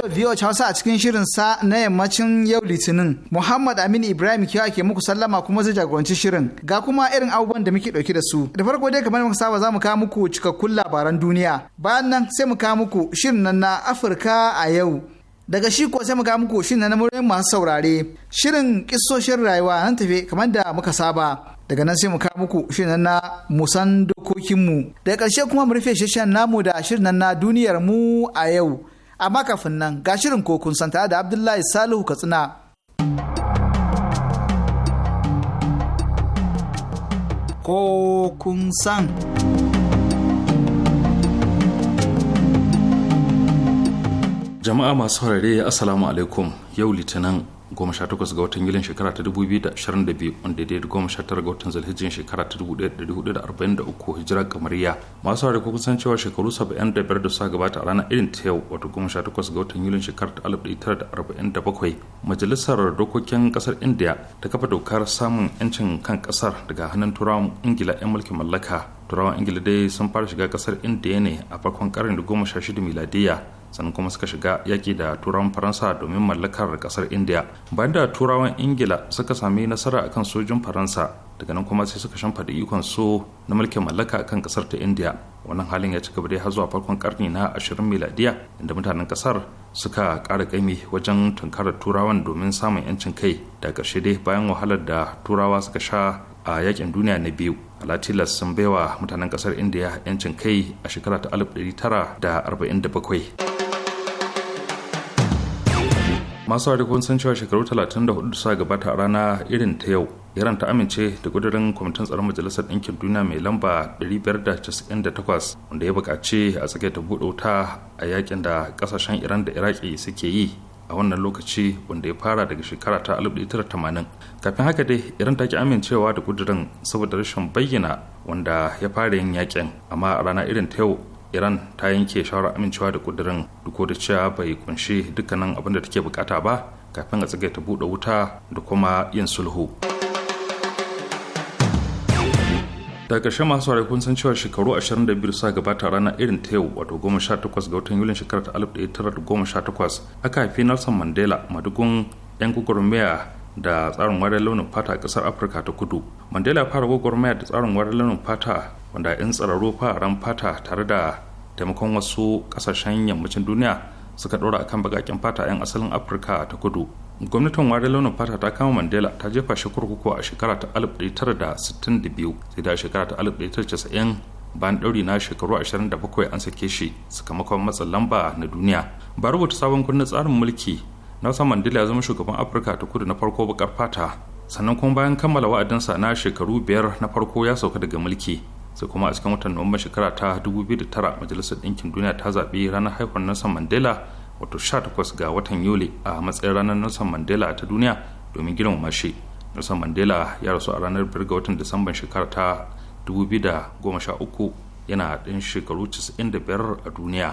Radio VOH Hausa a cikin shirin sa na yammacin yau Litinin. Muhammad Aminu Ibrahim kiyawa ke muku sallama kuma zai jagoranci shirin. Ga kuma irin abubuwan da muke dauke da su. Da farko dai kamar muka saba za mu kawo muku cikakkun labaran duniya. Bayan nan sai mu kawo muku shirin nan na Afirka a yau. Daga shi ko sai mu kawo muku shirin na muryoyin masu saurare. Shirin kisoshin rayuwa nan tafe kamar da muka saba. daga nan sai mu kawo muku shirin na musan dokokinmu daga ƙarshe kuma mu rufe shirin namu da shirin na duniyar mu a yau amma kafin nan ga shirin kokun santa da abdullahi salihu katsina kokun san jama'a masu harare asalamu alaikum yau litinin goma sha takwas ga watan yulin shekara ta dubu biyu da da ashirin biyu wanda daidai goma sha tara ga watan zalhijjin shekara ta dubu da da arba'in uku hijira kamariya masu hari ko san cewa shekaru saba'in da suka gabata a ranar irin ta yau wato goma sha takwas ga watan yulin shekara ta alif da da arba'in bakwai. majalisar dokokin kasar india ta kafa dokar samun yancin kan kasar daga hannun turawan ingila 'yan mulkin mallaka turawan ingila dai sun fara shiga kasar indiya ne a farkon karni goma sha shida miladiya sannan kuma suka shiga yaki da turawan faransa domin mallakar ƙasar india bayan da turawan ingila suka sami nasara akan sojin faransa daga nan kuma sai suka da ikon so na mulkin mallaka kan ƙasar ta india wannan halin ya ci gaba dai har zuwa farkon karni na 20 miladiya inda mutanen ƙasar suka kara kaimi wajen tunkarar turawan domin samun 'yancin kai da ƙarshe dai bayan wahalar da turawa suka sha a yakin duniya na biyu alatilas sun baiwa mutanen kasar indiya 'yancin kai a shekara ta 1947 masu wari kun san cewa shekaru 34 da sa gabata a rana irin ta yau iran ta amince da kudurin kwamitin tsaron majalisar ɗinkin duniya mai lamba 598 wanda ya buƙaci a tsake ta buɗe wuta a yakin da ƙasashen iran da iraki suke yi a wannan lokaci wanda ya fara daga shekara ta 1980 kafin haka dai iran ta ki amincewa da kudurin saboda rashin bayyana wanda ya fara yin yakin amma a rana irin ta yau iran ta yanke shawarar amincewa da kudirin duk da cewa bai kunshi dukkanin abin da take bukata ba kafin a tsagaita buɗe wuta da kuma yin sulhu daga ƙarshe masu ware kun san cewa shekaru 25 suka gabata rana irin ta yau wato 18 ga watan yulin shekarar 1918 aka haifi nelson mandela madugun 'yan gugurmiya da tsarin ware launin fata a ƙasar afirka ta kudu mandela fara gwagwarmaya da tsarin wadar launin fata wanda in tsararru fararen fata tare da taimakon wasu ƙasashen yammacin duniya suka ɗora akan baƙaƙen fata 'yan asalin afirka ta kudu gwamnatin wadar launin fata ta kama mandela ta jefa shi kurkuku a shekara ta 1962 sai da shekara ta 1990 bayan ɗauri na shekaru 27 an sake shi sakamakon matsin lamba na duniya ba rubuta sabon kundin tsarin mulki nelson mandela ya zama shugaban afirka ta kudu na farko bakar fata sannan kuma bayan kammala wa'adinsa na shekaru biyar na farko ya sauka daga mulki sai kuma a cikin watan nuwamban shekara ta 2009 majalisar ɗinkin duniya ta zaɓi ranar haihuwar nelson mandela wato 18 ga watan yuli a matsayin ranar nelson mandela ta duniya domin girmama shi nelson mandela ya rasu a ranar 5 ga watan disamban shekara ta 2013 yana ɗin shekaru 95 a duniya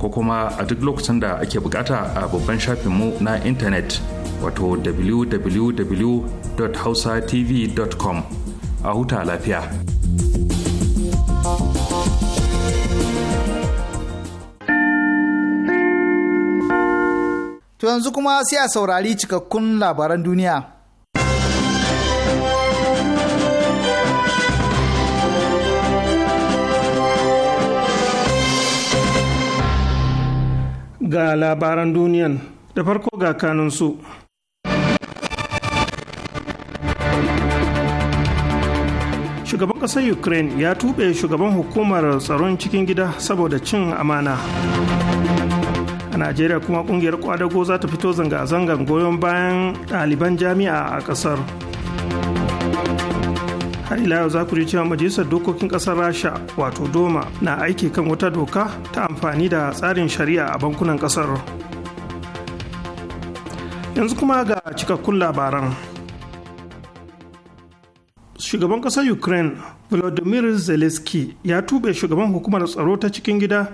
ko kuma a duk lokacin da ake bukata a babban mu na intanet wato www.hausatv.com a huta lafiya. To yanzu kuma sai a saurari cikakkun labaran duniya. ga labaran duniyan da farko ga kanunsu. Shugaban ƙasar Ukraine ya tuɓe shugaban hukumar tsaron cikin gida saboda cin amana. A Najeriya kuma ƙungiyar ƙwadago za ta fito zanga-zangar goyon bayan ɗaliban jami'a a ƙasar. har ila yau za ku je cewa majalisar dokokin kasar rasha wato doma na aiki kan wata doka ta amfani da tsarin shari'a a bankunan kasar yanzu kuma ga cikakkun labaran shugaban kasar ukraine volodymyr zelensky ya tube shugaban hukumar tsaro ta cikin gida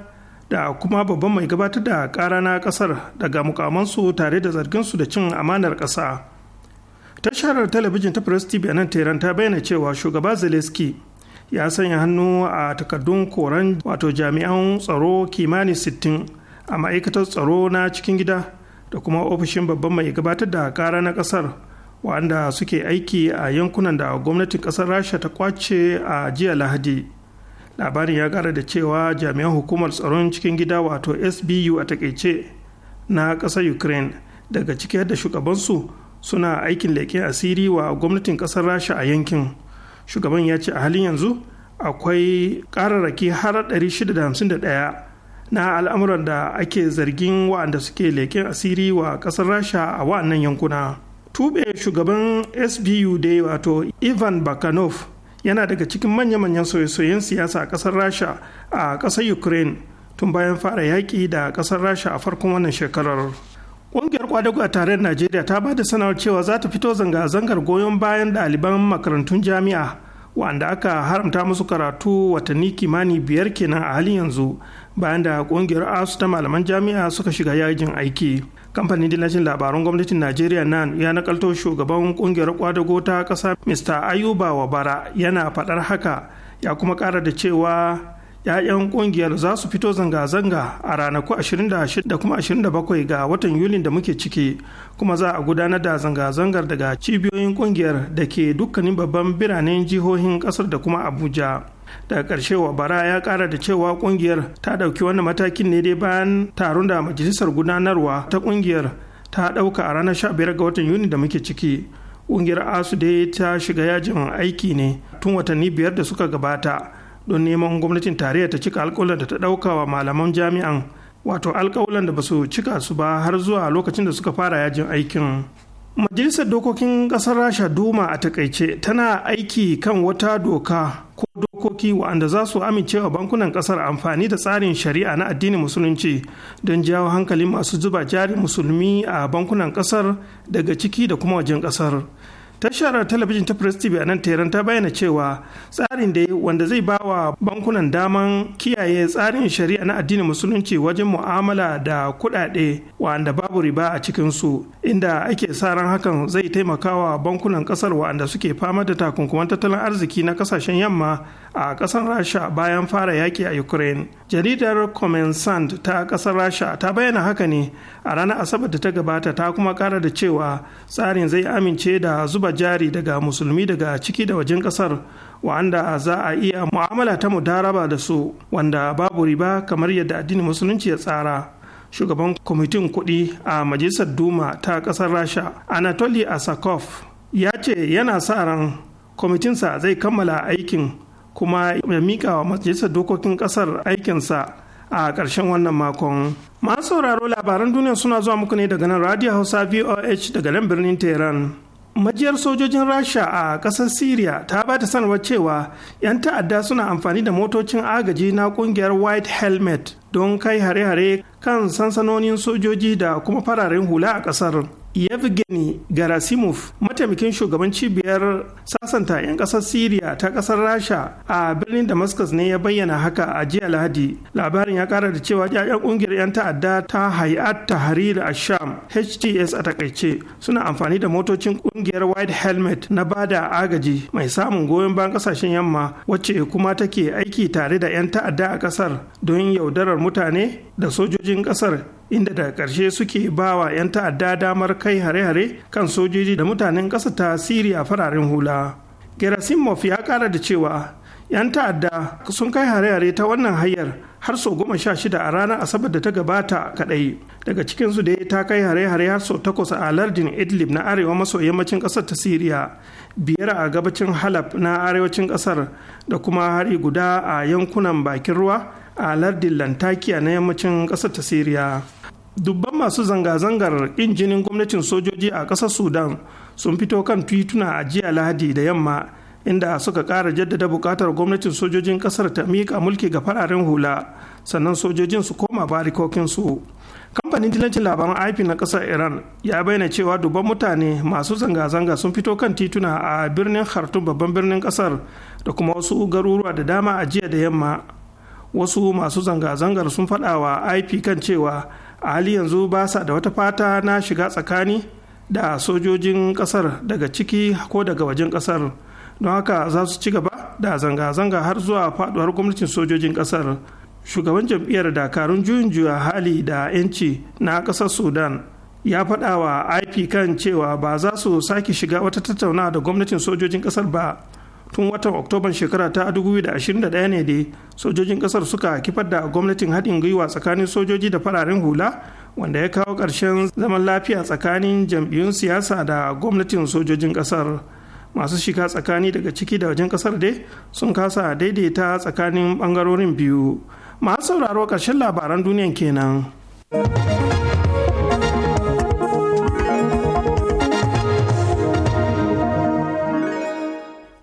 da kuma babban mai gabatar da kara na kasar daga mukamansu tare da zargin su da cin amanar kasa tashar talabijin ta press tv a nan teran ta bayyana cewa shugaba zelensky ya sanya hannu a takardun koran wato jami'an tsaro kimanin sittin a ma'aikatar tsaro na cikin gida da kuma ofishin babban mai gabatar da kara na kasar wanda suke aiki a yankunan da gwamnatin kasar rasha ta kwace a jiya lahadi labarin ya kara da cewa jami'an hukumar tsaron cikin gida wato sbu a takaice na kasar ukraine daga cike da shugabansu suna aikin leke asiri wa gwamnatin kasar rasha a yankin shugaban ya ce a halin yanzu akwai kararraki har 651 na al'amuran da ake zargin wa'anda suke leken asiri wa kasar rasha a wa'annan yankuna tube shugaban sbu dai wato ivan bakanov yana daga cikin manya-manyan soyayyen siyasa a kasar rasha a kasar ukraine tun bayan fara yaƙi da kasar rasha a farkon wannan shekarar Ƙungiyar kwadago a tarayyar Najeriya ta ba da sanarwar cewa za ta fito zanga-zangar goyon bayan ɗaliban makarantun jami'a wanda aka haramta musu karatu watanni kimani biyar kenan a halin yanzu bayan da ƙungiyar asu ta malaman jami'a suka shiga yajin aiki. kamfanin dillacin labaran gwamnatin najeriya nan ya nakalto shugaban ƙungiyar kwadago ta ƙasa mr ayuba wabara yana faɗar haka ya kuma ƙara da cewa 'ya'yan kungiyar za su fito zanga-zanga a ranaku 26 da kuma 27 ga watan yulin da muke ciki kuma za a gudanar da zanga-zangar daga cibiyoyin kungiyar da ke dukkanin babban biranen jihohin kasar da kuma abuja daga karshe wa bara ya ƙara da cewa kungiyar ta ɗauki wannan matakin ne dai bayan taron da majalisar gudanarwa ta kungiyar ta ɗauka a ranar 15 ga watan yuni da muke ciki kungiyar asu dai ta shiga yajin aiki ne tun watanni biyar da suka gabata don neman gwamnatin tarayya ta cika alkawalan da ta ɗauka wa malaman jami'an wato alkawalan da ba su cika su ba har zuwa lokacin da suka fara yajin aikin majalisar dokokin ƙasar rasha duma a takaice tana aiki kan wata doka ko dokoki waɗanda za su amincewa bankunan ƙasar amfani da tsarin shari'a na addinin musulunci don jawo hankalin masu zuba jari musulmi a bankunan ƙasar daga ciki da kuma wajen ƙasar tashar talabijin ta press tv a nan teran ta bayyana cewa tsarin da wanda zai ba wa bankunan daman kiyaye tsarin shari'a na addinin musulunci wajen mu'amala da kudade wanda babu riba a cikinsu inda ake sa ran hakan zai taimaka wa bankunan kasar wanda suke fama da takunkuman tattalin arziki na kasashen yamma a kasar rasha bayan fara yaki a ukraine jaridar comensant ta kasar rasha ta bayyana haka ne a ranar asabar da ta gabata ta kuma kara da cewa tsarin zai amince da zuba zuba jari daga musulmi daga ciki da wajen kasar wa'anda za a iya mu'amala ta mudaraba da su wanda babu riba kamar yadda addinin musulunci ya tsara shugaban kwamitin kuɗi a majalisar duma ta ƙasar rasha anatoly asakov ya ce yana sa ran kwamitinsa zai kammala aikin kuma ya miƙa wa majalisar dokokin ƙasar aikinsa a ƙarshen wannan makon masu sauraro labaran duniya suna zuwa muku ne daga nan radio hausa voh daga nan birnin tehran majiyar sojojin rasha a kasar syria ta ba ta sanarwar cewa 'yan ta'adda suna amfani da motocin agaji na kungiyar white helmet don kai hare-hare kan sansanonin sojoji da kuma fararen hula a kasar. Yevgeny Garasimov mataimakin shugaban cibiyar sasanta 'yan ƙasar Siriya ta ƙasar Rasha a birnin Damascus ne ya bayyana haka a jiya Lahadi. Labarin ya ƙara da cewa 'ya'yan ƙungiyar 'yan ta'adda ta Hayat Tahrir sham HTS a takaice suna amfani da motocin ƙungiyar White Helmet na bada agaji mai samun goyon bayan ƙasashen yamma wacce kuma take aiki tare da 'yan ta'adda a ƙasar don yaudarar mutane da sojojin ƙasar inda daga ƙarshe suke ba wa 'yan ta'adda damar kai hare-hare kan sojoji da mutanen ƙasa ta siriya fararen hula gerasimov ya ƙara da cewa 'yan ta'adda sun kai hare-hare ta wannan hanyar har sau goma sha shida a ranar asabar da ta gabata kaɗai daga cikinsu da ta kai hare-hare har sau takwas a lardin idlib na arewa maso yammacin ƙasar ta siriya biyar a gabacin halab na arewacin ƙasar da kuma hari guda a yankunan bakin ruwa a lardin lantakiya na yammacin ƙasar ta siriya dubban masu zanga-zangar injinin gwamnatin sojoji a ƙasar sudan sun fito kan tituna a jiya lahadi da yamma inda suka ƙara jaddada buƙatar gwamnatin sojojin ƙasar ta miƙa mulki ga fararen hula sannan sojojin su koma barikokinsu kamfanin dilancin labaran ip na ƙasar iran ya bayyana cewa dubban mutane masu zanga-zanga sun fito kan tituna a birnin khartoum babban birnin ƙasar da kuma wasu garuruwa da dama a jiya da yamma wasu masu zanga-zangar sun faɗa wa ip kan cewa a hali yanzu ba sa da wata fata na shiga tsakani da sojojin ƙasar daga ciki ko daga wajen ƙasar don haka za su ci gaba da zanga-zanga har zuwa faɗuwar gwamnatin sojojin ƙasar shugaban jam'iyyar dakarun juyin juya hali da 'yanci na ƙasar sudan ya faɗa wa ip kan cewa ba za su sake shiga wata tattaunawa da gwamnatin sojojin ƙasar ba tun watan oktoban shekara ta 2021 ne dai sojojin kasar suka kifar da gwamnatin haɗin gwiwa tsakanin sojoji da fararen hula wanda ya kawo ƙarshen zaman lafiya tsakanin jam'iyyun siyasa da gwamnatin sojojin kasar masu shiga tsakani daga ciki da wajen kasar dai sun kasa daidaita tsakanin ɓangarorin biyu masu sauraro ƙarshen labaran duniyan kenan.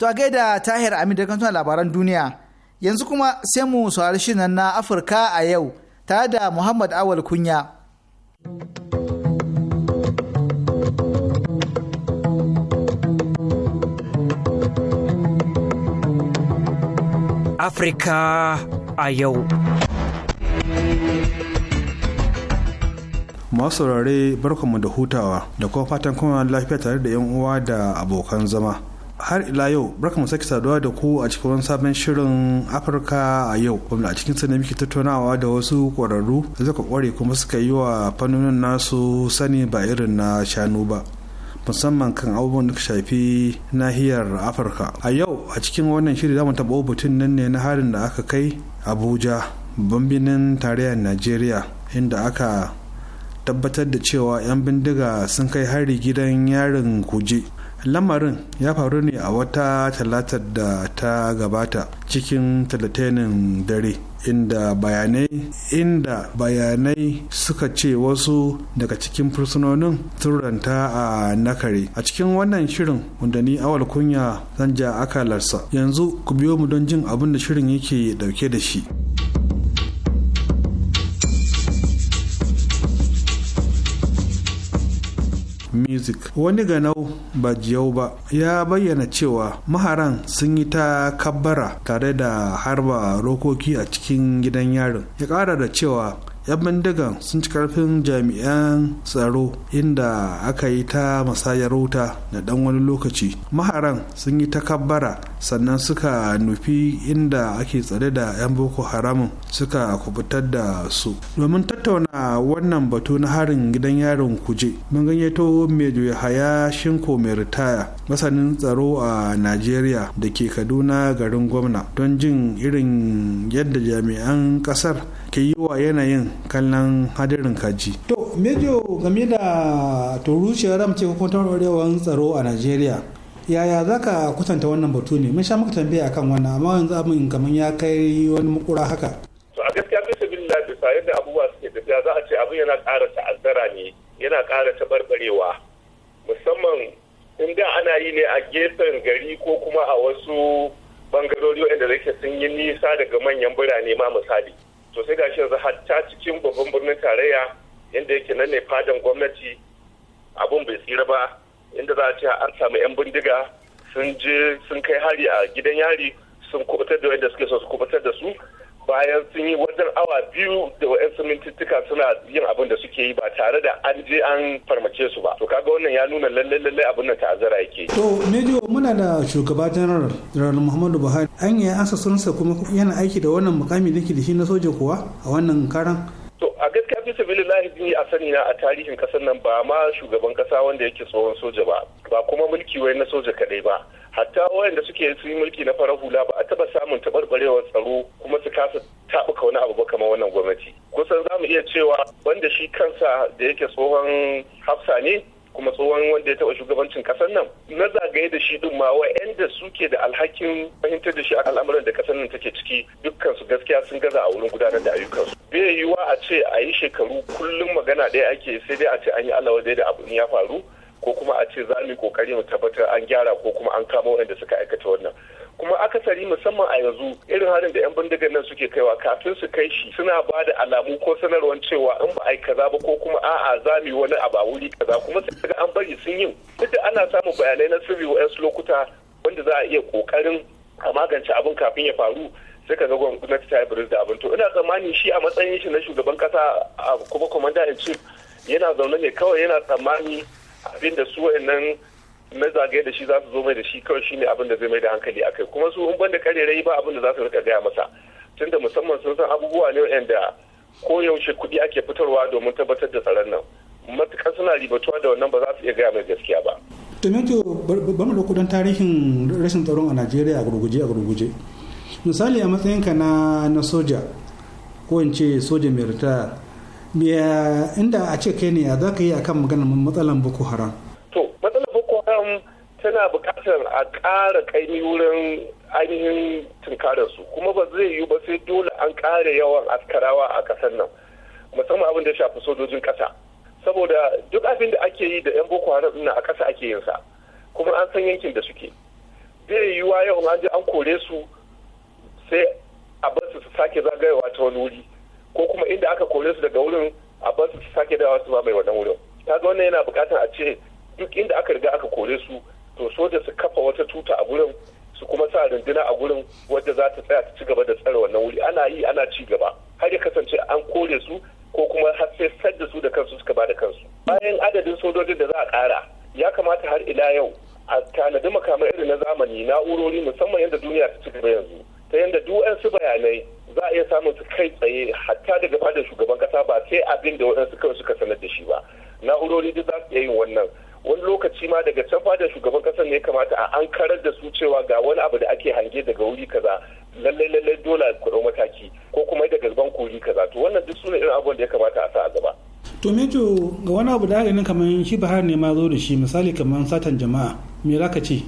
To a gaida Tahir Amin da kantuna labaran duniya. Yanzu kuma sai mu saurari shirin na Afirka a yau tare da Muhammad Awal Kunya. Afirka a yau. masu saurare barkanmu da hutawa da kuma fatan kuma lafiya tare da 'yan uwa da abokan zama. har ila yau barka mu sake saduwa da ku a cikin sabon shirin afirka a yau wanda a cikin ne muke tattaunawa da wasu kwararru da suka kware kuma suka yi wa fannonin nasu sani ba irin na shanu ba musamman kan abubuwan da shafi nahiyar afirka a yau a cikin wannan shiri za mu taɓa batun nan ne na harin da aka kai abuja bambinin tarayyar najeriya inda aka tabbatar da cewa 'yan bindiga sun kai hari gidan yarin kuje lamarin ya faru ne a wata talatar da ta gabata cikin talatenin dare inda bayanai inda bayanai suka ce wasu daga cikin fursunonin turanta a nakare a cikin wannan shirin wanda ni awal kunya zan ja akalarsa yanzu ku biyo mu don jin abin da shirin yake dauke da shi. music wani ganau ba jiyau ba ya bayyana cewa maharan sun yi ta kabbara tare da harba rokoki a cikin gidan yarin ya kara da cewa 'yan bindigan sun ci karfin jami'an tsaro inda aka yi ta masayar wuta na dan wani lokaci maharan sun yi takabbara sannan suka nufi inda ake tsare da 'yan boko haramun suka kubutar da su domin tattauna wannan batu na harin gidan yaron kuje mun ganyato mejo haya shinko mai ritaya masanin tsaro a najeriya da ke kaduna garin gwamna don jin irin yadda jami'an kasar ke yi wa yanayin kallon hadarin kaji. To, Mejo game da ya ramce ko tauraron tsaro a Najeriya, yaya za ka kusanta wannan batu ne? Mun sha muka tambaya akan wannan, amma yanzu abin kamar ya kai wani makura haka. To, a gaskiya bisa billah bisa yadda abubuwa suke tafiya za a ce abin yana ƙara ta'azzara ne, yana ƙara taɓarɓarewa. Musamman in da ana yi ne a gefen gari ko kuma a wasu bangarori waɗanda zai sun yi nisa daga manyan birane ma misali. to sai gashi yanzu hatta cikin babban birnin tarayya inda yake nan ne fadan gwamnati abun bai tsira ba inda za a ce an samu 'yan bindiga sun je sun kai hari a gidan yari sun kubutar da wanda suke so su kubutar da su bayan sun yi wajen awa biyu da wa'yansu mintittika suna yin abin da suke yi ba tare da an je an farmace su ba to kaga wannan ya nuna lalle lalle abin da ta'azzara yake to ne muna da shugaba general janar muhammadu buhari an yi sun sunsa kuma yana aiki da wannan mukami da ke da shi na soja kuwa a wannan karan to a gaskiya fi sabilillahi din a sani na a tarihin kasar nan ba ma shugaban kasa wanda yake tsohon soja ba ba kuma mulki wai na soja kadai ba hatta wayanda suke su yi mulki na farar hula ba a taba samun taɓarɓarewar tsaro kuma su kasa taɓuka wani abu ba kamar wannan gwamnati kusan za mu iya cewa wanda shi kansa da yake tsohon hafsa ne kuma tsohon wanda ya taba shugabancin kasar nan na zagaye da shi ɗin ma wa'yanda suke da alhakin fahimtar da shi a al'amuran da kasar nan take ciki dukkan su gaskiya sun gaza a wurin gudanar da su bai yiwuwa a ce a yi shekaru kullum magana ɗaya ake sai dai a ce an yi alawa da abu ya faru ko kuma a ce za mu yi kokari mu tabbatar an gyara ko kuma an kama waɗanda suka aikata wannan kuma akasari musamman a yanzu irin harin da 'yan bindigar nan suke kaiwa kafin su kai shi suna ba da alamu ko sanarwar cewa in ba a kaza ba ko kuma a'a za mu yi wani abu a wuri kaza kuma sai ga an bari sun yi duk da ana samun bayanai na sirri wa su lokuta wanda za a iya kokarin a magance abin kafin ya faru sai ka ga gwamnati ta yi da abin to ina tsammani shi a matsayin shi na shugaban kasa kuma commander in chief yana zaune ne kawai yana tsammani abinda su wa'annan na zagaye da shi za su zo mai da shi kawai shine abin da zai mai da hankali a kai kuma su in banda karerai ba abin da za su rika gaya masa tunda musamman sun san abubuwa ne wa'anda yaushe kuɗi ake fitarwa domin tabbatar da tsaron nan matuƙar suna ribatuwa da wannan ba za su iya gaya mai gaskiya ba. Tuminto ba mu da tarihin rashin tsaron a Najeriya a gurguje a gurguje. Misali a matsayinka na na soja ko in ce soja mai ritaya inda a ce kai ne ya za ka yi akan maganar matsalan boko haram to matsalar boko haram tana buƙatar a ƙara kaimi wurin ainihin tunkarar su kuma ba zai yiwu ba sai dole an ƙara yawan askarawa a ƙasar nan musamman abin da ya shafi sojojin ƙasa saboda duk abin da ake yi da 'yan boko haram na a ƙasa ake yin sa kuma an san yankin da suke zai yiwuwa yau an je an kore su sai a bar su su sake zagayewa ta wani wuri ko kuma inda aka kore su daga wurin a bar su sake dawa su mai wannan wurin ta ga wannan yana bukatar a ce duk inda aka riga aka kore su to soja su kafa wata tuta a gurin su kuma sa runduna a gurin wadda za ta tsaya ta ci gaba da tsare wannan wuri ana yi ana ci gaba har ya kasance an kore su ko kuma har sai sadda su da kansu suka ba da kansu bayan adadin sojojin da za a kara ya kamata har ila yau a tanadi makamai irin na zamani na'urori musamman yadda duniya ta ci gaba yanzu ta yadda duk bayanai za a iya samun su kai tsaye hatta daga fadar shugaban kasa ba sai abin da waɗansu kawai suka sanar da shi ba na'urori duk za su iya yin wannan wani lokaci ma daga can fadar shugaban kasar ne kamata a an karar da su cewa ga wani abu da ake hange daga wuri kaza lallai lallai dole ku ɗau mataki ko kuma daga zuban kuri kaza to wannan duk sune irin abubuwan da ya kamata a sa a gaba. to mejo ga wani abu da nan kamar shi bahar ne ma zo da shi misali kamar satan jama'a me za ka ce.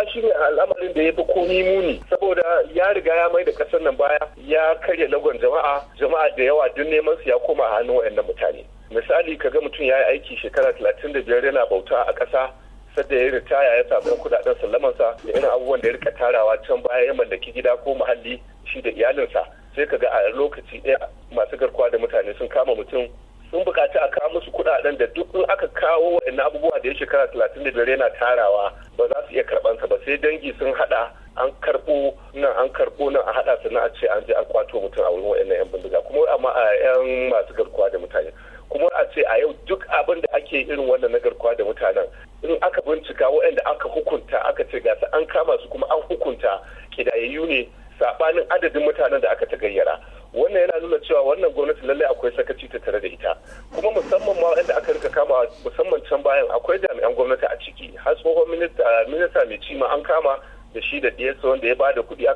ma shi ne al'amarin da ya fi komi muni saboda ya riga ya mai da kasar nan baya ya karya lagon jama'a jama'a da yawa don neman su ya koma a hannun wayannan mutane misali ka ga mutum ya yi aiki shekara talatin da biyar yana bauta a ƙasa sadda ya ritaya ya samu kudaden sa da irin abubuwan da ya rika tarawa can baya ya mallaki gida ko muhalli shi da iyalinsa sai ka ga a lokaci ɗaya masu garkuwa da mutane sun kama mutum sun bukaci a kawo musu kuɗaɗen da duk in aka kawo waɗannan abubuwa da ya shekara talatin da dare yana tarawa ba za su iya karɓansa ba sai dangi sun haɗa an karɓo nan an karbo nan a haɗa sannan a ce an je an kwato mutum a wurin waɗannan 'yan bindiga kuma amma a 'yan masu garkuwa da mutane kuma a ce a yau duk abin da ake irin wannan na garkuwa da mutanen quindi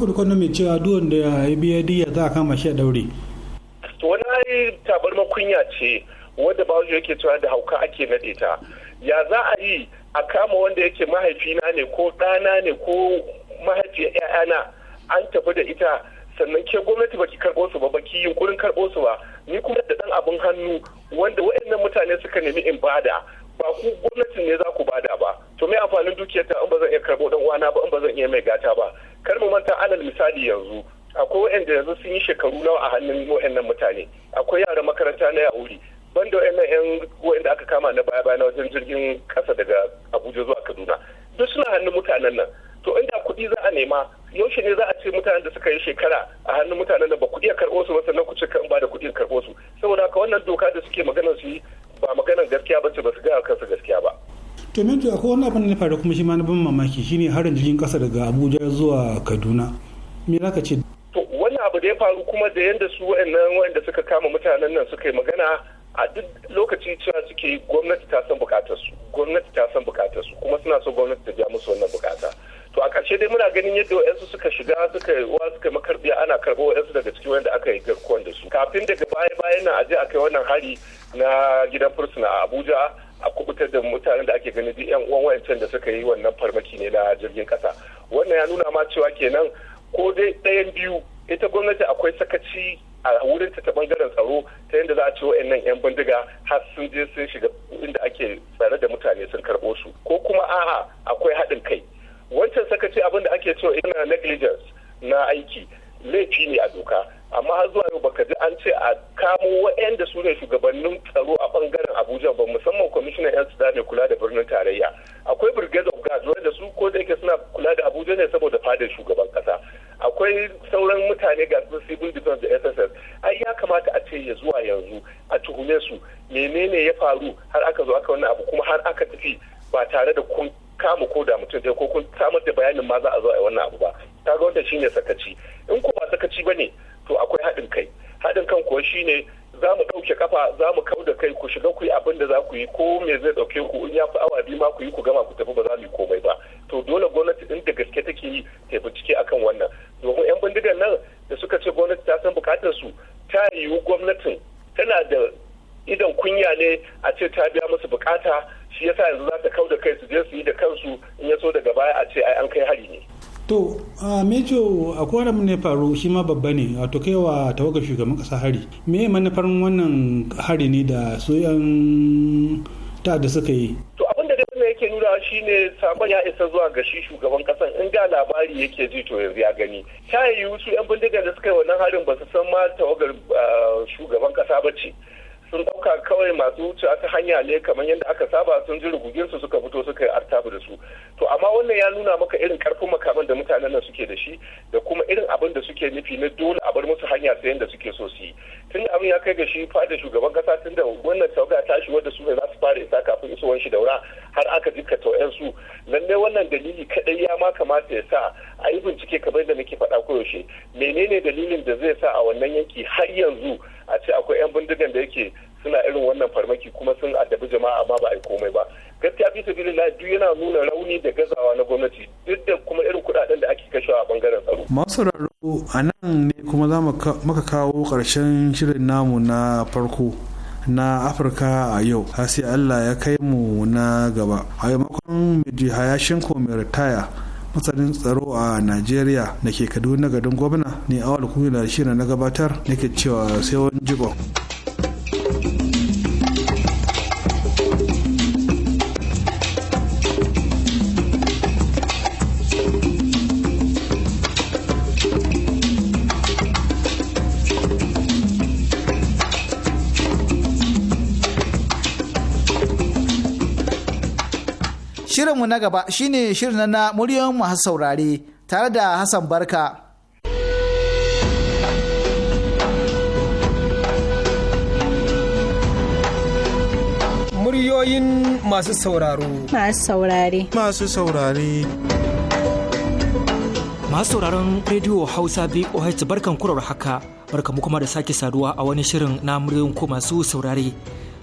na kudu mai cewa duwanda wanda ya biya diya za a kama shi a daure abin da na faru kuma shi ma na ban mamaki shine harin jirgin kasa daga abuja zuwa kaduna me za ka ce wani abu da ya faru kuma da yadda su wa'annan wa'anda suka kama mutanen nan suka yi magana a duk lokaci cewa suke gwamnati ta san bukatar su gwamnati ta san bukatar su kuma suna so gwamnati ta ja musu wannan bukata to a ƙarshe dai muna ganin yadda wa'ansu suka shiga suka wa suka makarbiya ana karɓo wa'ansu daga cikin wanda aka yi garkuwan da su kafin daga baya bayan nan a je a kai wannan hari na gidan fursuna a abuja a kubutar da mutanen da ake ganin duk yan uwan wayancan da suka yi wannan farmaki ne na jirgin kasa wannan ya nuna ma cewa kenan ko dai ɗayan biyu ita gwamnati akwai sakaci a wurin ta bangaren tsaro ta yadda za a ciwo wa'annan 'yan bindiga har sun je sun shiga inda ake tsare da mutane sun karɓo su ko kuma a'a akwai haɗin kai wancan sakaci abin da ake cewa ina negligence na aiki laifi ne a doka amma har zuwa yau baka ji an ce a kamo waɗanda su ne shugabannin tsaro a bangaren abuja ba musamman kwamishinan yan su mai kula da birnin tarayya akwai brigade of guards wanda su ko da yake suna kula da abuja ne saboda fadar shugaban kasa akwai sauran mutane ga su civil defense da sss ai ya kamata a ce ya zuwa yanzu a tuhume su menene ya faru har aka zo aka wannan abu kuma har aka tafi ba tare da kun kama ko da mutum ko kun samar da bayanin ma za a zo a wannan abu ba kaga wanda shine sakaci in ko ba sakaci bane to akwai haɗin kai haɗin kan kuwa shine za mu ɗauke kafa za mu kau da kai ku shiga ku yi abin da za ku yi ko me zai ɗauke ku in ya fi awa biyu ma ku yi ku gama ku tafi ba za mu yi komai ba to dole gwamnati ɗin da gaske take yi ta bincike akan wannan domin 'yan bindigan nan da suka ce gwamnati ta san bukatar su ta yiwu gwamnatin tana da idan kunya ne a ce ta biya musu bukata shi yasa yanzu za ta kau da kai su je su yi da kansu in ya so daga baya a ce ai an kai hari ne to a mejo a mun ne faru shi ma babba ne wato kai wa tawagar shugaban kasa hari me ya manufar wannan hari ne da soyan ta da suka yi to abin da gaskiya yake nuna shine sabon ya isa zuwa ga shi shugaban kasan in ga labari yake ji to yanzu ya gani ta yiwu su yan bindiga da suka yi wannan harin ba su san ma tawagar shugaban kasa ba ce sun ɗauka kawai masu wuce ta hanya ne kamar yadda aka saba sun ji rugugin su suka fito suka yi artabu da su to amma wannan ya nuna maka irin karfin makaman da mutanen nan suke da shi da kuma irin abin da suke nufi na dole a bar musu hanya sai yadda suke so su yi tun da abin ya kai ga shi fada shugaban kasa tun da wannan tauga ta shi wadda su ne za su fara isa kafin isowar shi daura har aka jikka tauyen su lallai wannan dalili kadai ya ma kamata ya sa a yi bincike kamar da nake faɗa koyaushe menene dalilin da zai sa a wannan yanki har yanzu a ce akwai 'yan bindigan da yake suna irin wannan farmaki kuma sun addabi jama'a amma ba a yi komai ba gaskiya bisa na duk yana nuna rauni da gazawa na gwamnati duk da kuma irin kudaden da ake kashewa a bangaren tsaro masu raro a nan ne kuma za maka kawo karshen shirin namu na farko na afirka a yau sai allah ya kai mu na gaba a yamakon mai hayashin mai ritaya masanin tsaro a nigeria da ke kaduna gadon gwamna ne awal kuma da shirin na gabatar nake cewa sai wani jibon Shirinmu na gaba shine shirin na muryoyin masu saurare tare da Hassan Barka. Muryoyin masu sauraro. Masu saurare. Masu saurare. Masu sauraron rediyo Hausa BOH barkan kurar haka, mu kuma da sake saduwa a wani shirin na muryoyin ko masu saurare.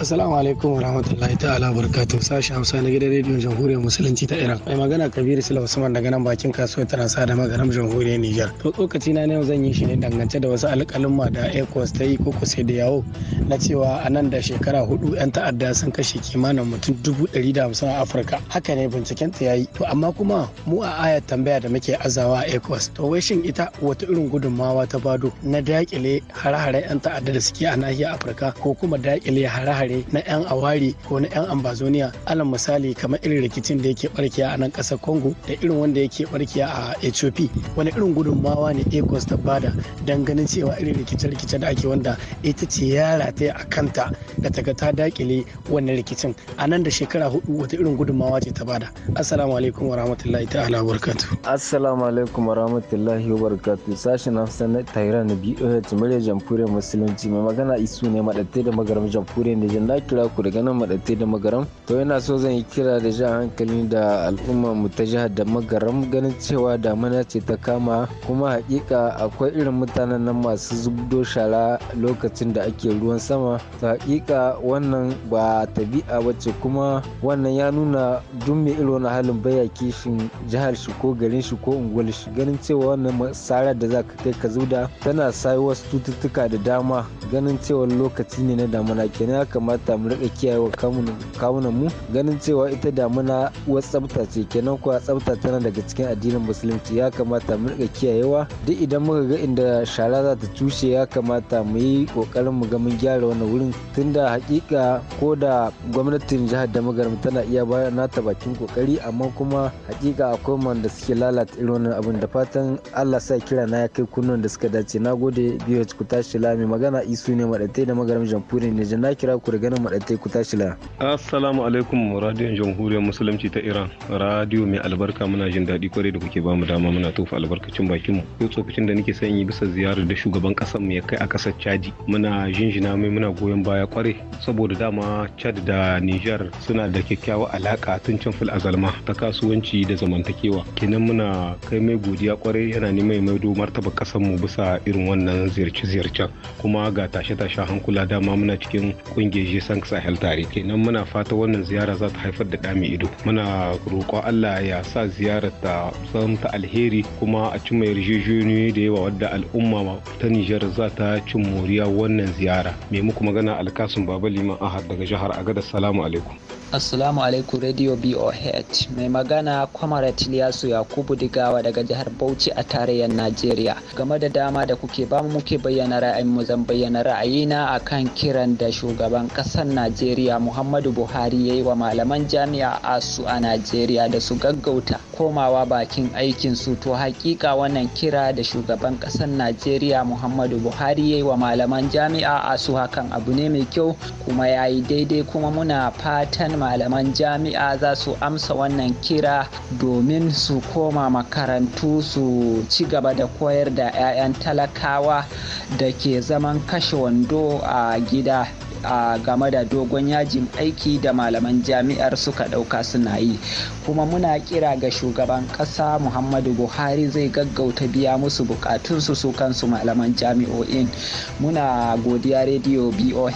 Assalamu alaikum wa rahmatullahi ta'ala barkatu sashi Hausa na gidan rediyon Jamhuriyar Musulunci ta Iran. Mai magana Kabiru Sila Usman daga nan bakin kasuwar Taransa da Magaram Jamhuriyar Nijar. To tsokaci na yau zan yi shi ne dangance da wasu alƙalumma da ECOWAS ta yi ko kusa da yawo na cewa a nan da shekara hudu 'yan ta'adda sun kashe kimanin mutum dubu ɗari da hamsin a Afirka. Haka ne binciken ta yayi. To amma kuma mu a ayar tambaya da muke azawa a ECOWAS to wai shin ita wata irin gudunmawa ta bado na daƙile hare-haren 'yan ta'adda da suke a nahiyar Afirka ko kuma daƙile hare-haren wurare na 'yan awari ko na 'yan ambazoniya alal misali kamar irin rikicin da yake barkiya a nan ƙasar congo da irin wanda yake barkiya a ethiopia wani irin gudunmawa ne ecos ta bada don ganin cewa irin rikice-rikice da ake wanda ita ce ya rataya a kanta da ta ga ta dakile wannan rikicin a nan da shekara hudu wata irin gudunmawa ce ta bada assalamu alaikum wa rahmatullahi ta'ala wa assalamu alaikum wa rahmatullahi wa barakatuh sashen hausa na tairan na biyu murya jamhuriyar musulunci mai magana isu ne madadai da magaram jamhuriyar ne. Nijar na kira ku daga nan madatte da magaram to yana so zan yi kira da jan hankali da al'umma mu ta jihar da magaram ganin cewa damana ce ta kama kuma hakika akwai irin mutanen nan masu zubdo shara lokacin da ake ruwan sama to hakika wannan ba tabi'a bace kuma wannan ya nuna duk mai irin wani halin baya kishin jihar shi ko garin shi ko unguwar shi ganin cewa wannan sara da za ka kai ka zuda tana sayo wasu cututtuka da dama ganin cewa lokaci ne na damana kenan ya kamata mu rika kiyayewa kawunan mu ganin cewa ita damuna wasu tsafta ce kenan kuwa tsafta tana daga cikin addinin musulunci ya kamata mu rika kiyayewa duk idan muka ga inda shara za ta tushe ya kamata mu yi kokarin mu ga mun gyara wannan wurin tunda hakika ko da gwamnatin jihar da magaram tana iya bayar nata bakin kokari amma kuma hakika akwai man da suke lalata irin wannan abin da fatan Allah sa kira na ya kai kunnan da suka dace nagode biyo ku tashi lami magana isu ne madatai da magaram jamfuri Nijar na kira ku ganin maɗatai ku tashi la. Assalamu alaikum radiyon jamhuriyar musulunci ta Iran. Radiyo mai albarka muna jin daɗi kwarai da kuke bamu dama muna tofa albarkacin mu Yau tsofafin da nake son yi bisa ziyarar da shugaban ƙasar mu ya kai a ƙasar Chadi. Muna jinjina mai muna goyon baya kwarai saboda dama Chad da Niger suna da kyakkyawa alaka tun can fil azalma ta kasuwanci da zamantakewa. Kenan muna kai mai godiya kwarai yana neman maido martaba ƙasar mu bisa irin wannan ziyarci ziyarcen kuma ga tashe-tashen hankula dama muna cikin ƙungiyar je san sahel tare kenan muna fata wannan ziyara za ta haifar da ɗami ido muna roƙon allah ya sa ziyara ta zan ta alheri kuma a cimma yarjejeniyoyi da yawa wadda al'umma ta nijar za ta cin moriya wannan ziyara me muku magana alkasun baba liman ahad daga jihar agada salamu alaikum Assalamu alaikum Radio BOH mai magana Kwamarat Tiliyasu Yakubu Digawa daga jihar Bauchi a tarayyar Najeriya. Game da dama da kuke ba mu muke bayyana ra'ayin mu zan bayyana ra'ayina akan kiran da shugaban ƙasar Najeriya Muhammadu Buhari ya yi wa malaman jami'a ASU a Najeriya da su gaggauta komawa bakin aikin su to hakika wannan kira da shugaban ƙasar Najeriya Muhammadu Buhari ya yi wa malaman jami'a ASU hakan abu ne mai kyau kuma ya yi daidai kuma muna fatan malaman jami'a za su amsa wannan kira domin su koma makarantu su ci gaba da koyar da 'ya'yan talakawa da ke zaman kashe wando a gida a game da dogon yajin aiki da malaman jami'ar suka ɗauka suna yi kuma muna kira ga shugaban ƙasa muhammadu buhari zai gaggauta biya musu bukatunsu su kansu malaman jami'o'in muna godiya rediyo boh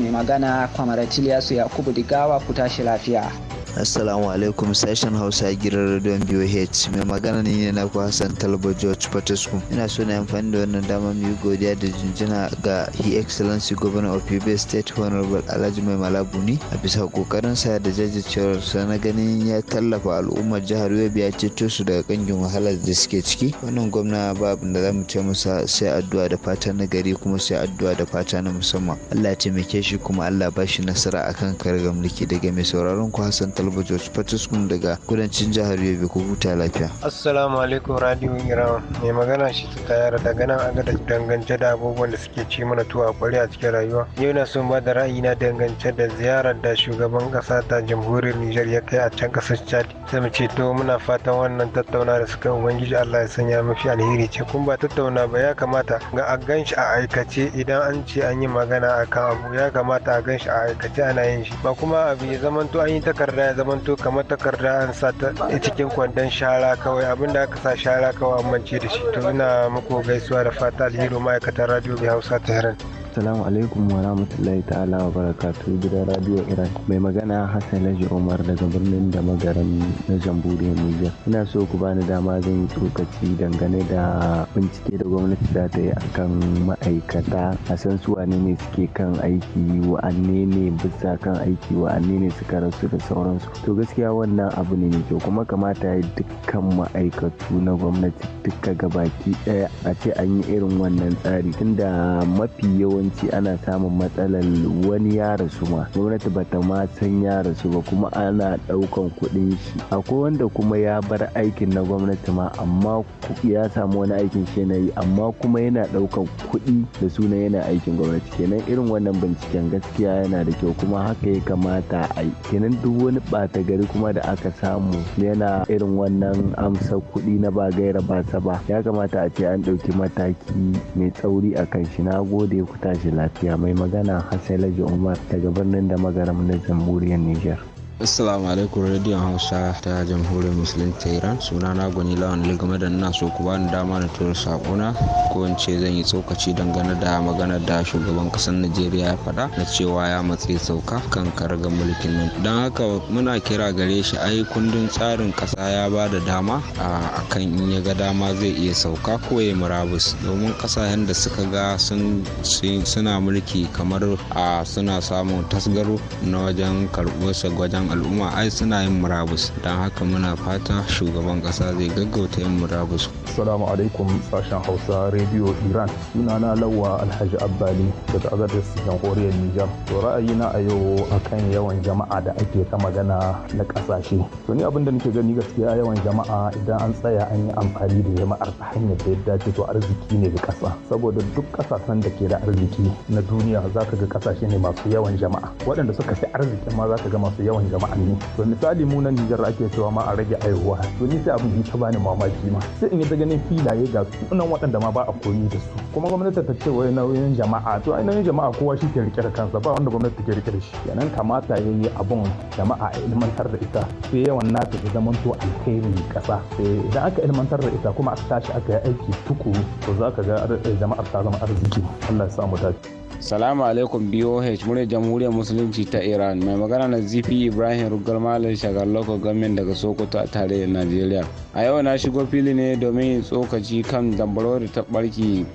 mai magana kwamar yakubu digawa ku tashi lafiya Assalamu alaikum sashen Hausa gidan rediyon BOH mai magana ne na naku Hassan Talba George Patescu. Ina so na amfani da wannan dama mu yi godiya da jinjina ga His Excellency Governor of Ibe State Honorable Alhaji Mai Malabuni a bisa kokarin sa da jajircewar sa na ganin ya tallafa al'ummar jihar Yobe ya ceto su daga kangin wahalar da suke ciki. Wannan gwamna ba abin da zamu ce masa sai addu'a da fata na gari kuma sai addu'a da fata na musamman. Allah ya taimake shi kuma Allah ba shi nasara akan kargar mulki daga mai sauraron ku Hassan Talba Kalba George Fatiskun daga kudancin jihar Yobe ku huta lafiya. Assalamu alaikum Radio Iran. Mai magana shi ta tayar da ganin aga da dangance da abubuwan da suke ci mana tuwa kwari a cikin rayuwa. Yau na son ba da ra'ayi na dangance da ziyarar da shugaban kasa ta jamhuriyar Nijar ya kai a can kasar Chad. Sai mu ce to muna fatan wannan tattauna da suka ubangiji Allah ya sanya mafi alheri ce kun ba tattauna ba ya kamata ga a ganshi a aikace idan an ce an yi magana akan abu ya kamata a ganshi a aikace ana yin shi ba kuma abu ya zamanto an yi takarda ya zamanto kamar takarda an sa ta cikin kwandon shara kawai da aka sa shara kawai amince da shi to ina muku gaisuwa da fata alheri ma'aikatan radio mai hausa ta heran. Assalamu alaikum wa rahmatullahi ta'ala wa barakatu gidan radiyo Iran. Mai magana Hassan Laji Umar daga birnin da magaran na Jamhuriyar Nijar. Ina so ku bani dama zan yi tsokaci dangane da bincike da gwamnati za ta yi akan ma'aikata a san su wane ne suke kan aiki wa'anne ne bisa kan aiki wa'anne ne suka rasu da sauransu. To gaskiya wannan abu ne mai kyau kuma kamata ya dukkan ma'aikatu na gwamnati duka gabaki ɗaya a ce an yi irin wannan tsari tunda mafi yawan yawanci ana samun matsalar wani ya rasu ma gwamnati bata ma san ya rasu ba kuma ana ɗaukan kuɗin shi akwai wanda kuma ya bar aikin na gwamnati ma amma ya samu wani aikin shi na yi amma kuma yana ɗaukan kuɗi da suna yana aikin gwamnati kenan irin wannan binciken gaskiya yana da kyau kuma haka ya kamata a yi kenan duk wani ɓata gari kuma da aka samu yana irin wannan amsa kuɗi na ba gaira ba ba ya kamata a ce an ɗauki mataki mai tsauri a kan shi na gode ku tashi lafiya mai magana Hassan Laji Umar daga birnin da magaram na jamhuriyar Nijar. Assalamu alaikum radiyon Hausa ta Jamhuriyar Musulun ta Iran suna na gwani lawan game da ina so ku bani dama na tura sakona ko in ce zan yi tsokaci dangane da magana da shugaban kasar Najeriya ya faɗa na cewa ya matse sauka kan kargan mulkin nan don haka muna kira gare shi ai kundin tsarin kasa ya ba da dama a kan in ya ga dama zai iya sauka ko ya murabus domin kasashen da suka ga suna mulki kamar a suna samun tasgaro na wajen karɓar wajen bangaren al'umma ai suna yin murabus don haka muna fata shugaban ƙasa zai gaggauta yin murabus assalamu alaikum sashen hausa rediyo iran sunana lawa alhaji abbali daga agadis jamhuriyar nijar to ra'ayina a yau akan yawan jama'a da ake ta magana na kasashe to ni abin da nake gani gaskiya yawan jama'a idan an tsaya an yi amfani da jama'ar ta hanyar da ya dace to arziki ne ga kasa saboda duk kasashen da ke da arziki na duniya za ka ga kasashe ne masu yawan jama'a waɗanda suka fi arziki ma za ka ga masu yawan jama'an ne to misali mu nan Nijar ake cewa ma a rage aihuwa to ni sai abin yi ta bani mamaki ma sai in yi ta ganin filaye ga su nan waɗanda ma ba a koyi da su kuma gwamnati ta ce wai nauyin jama'a to ai nauyin jama'a kowa shi ke rike kansa ba wanda gwamnati ke rike shi kenan kamata ya yi abin jama'a a ilmantar da ita sai yawan nata ta zama to kasa. ƙasa eh, idan aka ilmantar da ita kuma aka tashi aka yi aiki tukuru to za ka ga jama'ar ta zama arziki Allah ya sa mu dace salamu alaikum boh murya jamhuriyar musulunci ta iran mai magana na zifi ibrahim rugar malam shagar local government daga sokoto a tarayyar najeriya a yau na shigo fili ne domin yin tsokaci kan zambarwa da ta barki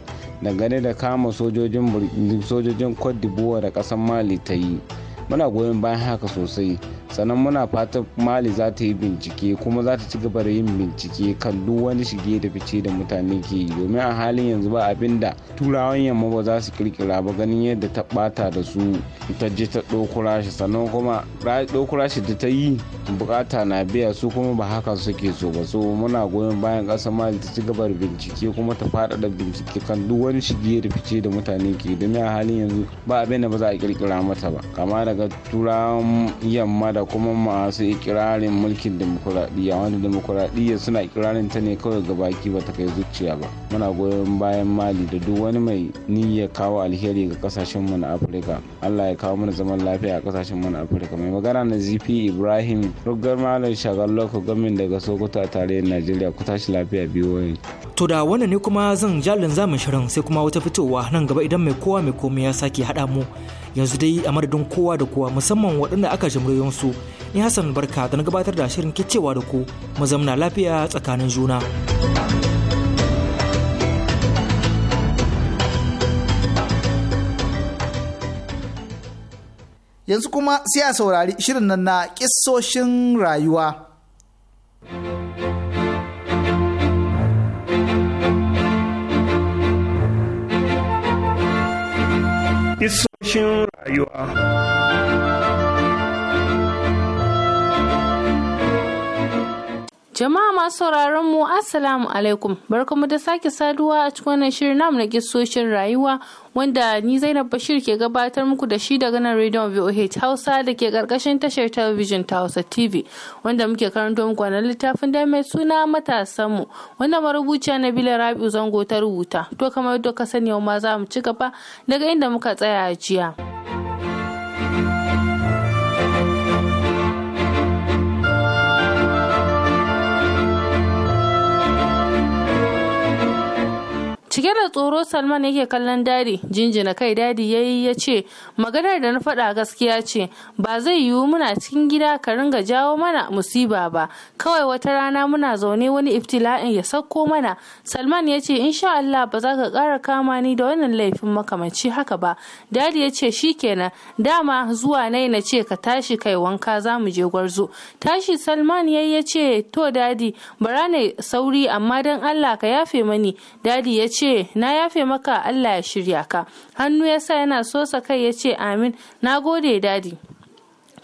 gane da kama sojojin cote d'ivoire da kasan mali ta yi muna goyon bayan haka sosai sannan muna fatan mali za ta yi bincike kuma za ta ci gaba da yin bincike kan duk wani shige da fice da mutane ke yi domin a halin yanzu ba abin da turawan yamma ba za su kirkira ba ganin yadda ta bata da su ta je ta ɗokura shi sannan kuma ɗokura shi da ta yi bukata na biya su kuma ba haka suke so ba so muna goyon bayan ƙasar mali ta ci gaba da bincike kuma ta da bincike kan duk wani shige da fice da mutane ke yi domin a halin yanzu ba abin da ba za a kirkira mata ba kama daga turawan yamma da da kuma masu ikirarin mulkin demokuraɗiyya wanda demokuraɗiyya suna ikirarin ta ne kawai ga baki ba ta kai zuciya ba muna goyon bayan mali da duk wani mai niyya kawo alheri ga kasashen mu na afirka allah ya kawo mana zaman lafiya a kasashen mu na afirka mai magana na zp ibrahim rugar malam shagar loko gamin daga sokoto a tarayyar najeriya ku tashi lafiya biyoyin. to da wannan ne kuma zan jalin zamin shirin sai kuma wata fitowa nan gaba idan mai kowa mai komai ya sake haɗa mu yanzu dai a madadin kowa da kowa musamman waɗanda aka jimriyon su ni hassan barka da na gabatar da shirin kicewa da ku mazamna lafiya tsakanin juna yanzu kuma sai a saurari shirin nan na kissoshin rayuwa kisoshin rayuwa. Jama'a masu sauraron mu Assalamu alaikum barkamu da sake saduwa a cikin wannan shirin namu na kisoshin rayuwa wanda ni Zainab Bashir ke gabatar muku da shi daga nan Radio VOH Hausa da ke karkashin tashar talabijin ta Hausa TV wanda muke karanto muku wannan littafin da mai suna matasan mu wanda marubuciya Nabila Rabi'u Zango ta rubuta to kamar yadda ka sani yau ma za mu ci gaba daga inda muka tsaya jiya. cike da tsoro salman yake kallon dadi jinjina kai dadi ya yi ya ce maganar da na faɗa gaskiya ce ba zai yiwu muna cikin gida ka ringa jawo mana musiba ba kawai wata rana muna zaune wani iftila'in ya sauko mana salman ya ce insha allah ba za ka ƙara kama ni da wannan laifin makamanci haka ba dadi ya ce shikenan dama zuwa nai na ce ka tashi kai wanka za mu je gwarzo tashi salman ya ya ce to dadi bara ne sauri amma don allah ka yafe mani dadi ya ce ce na yafe maka Allah ya shirya ka hannu yasa yana sosa kai ya ce amin na gode dadi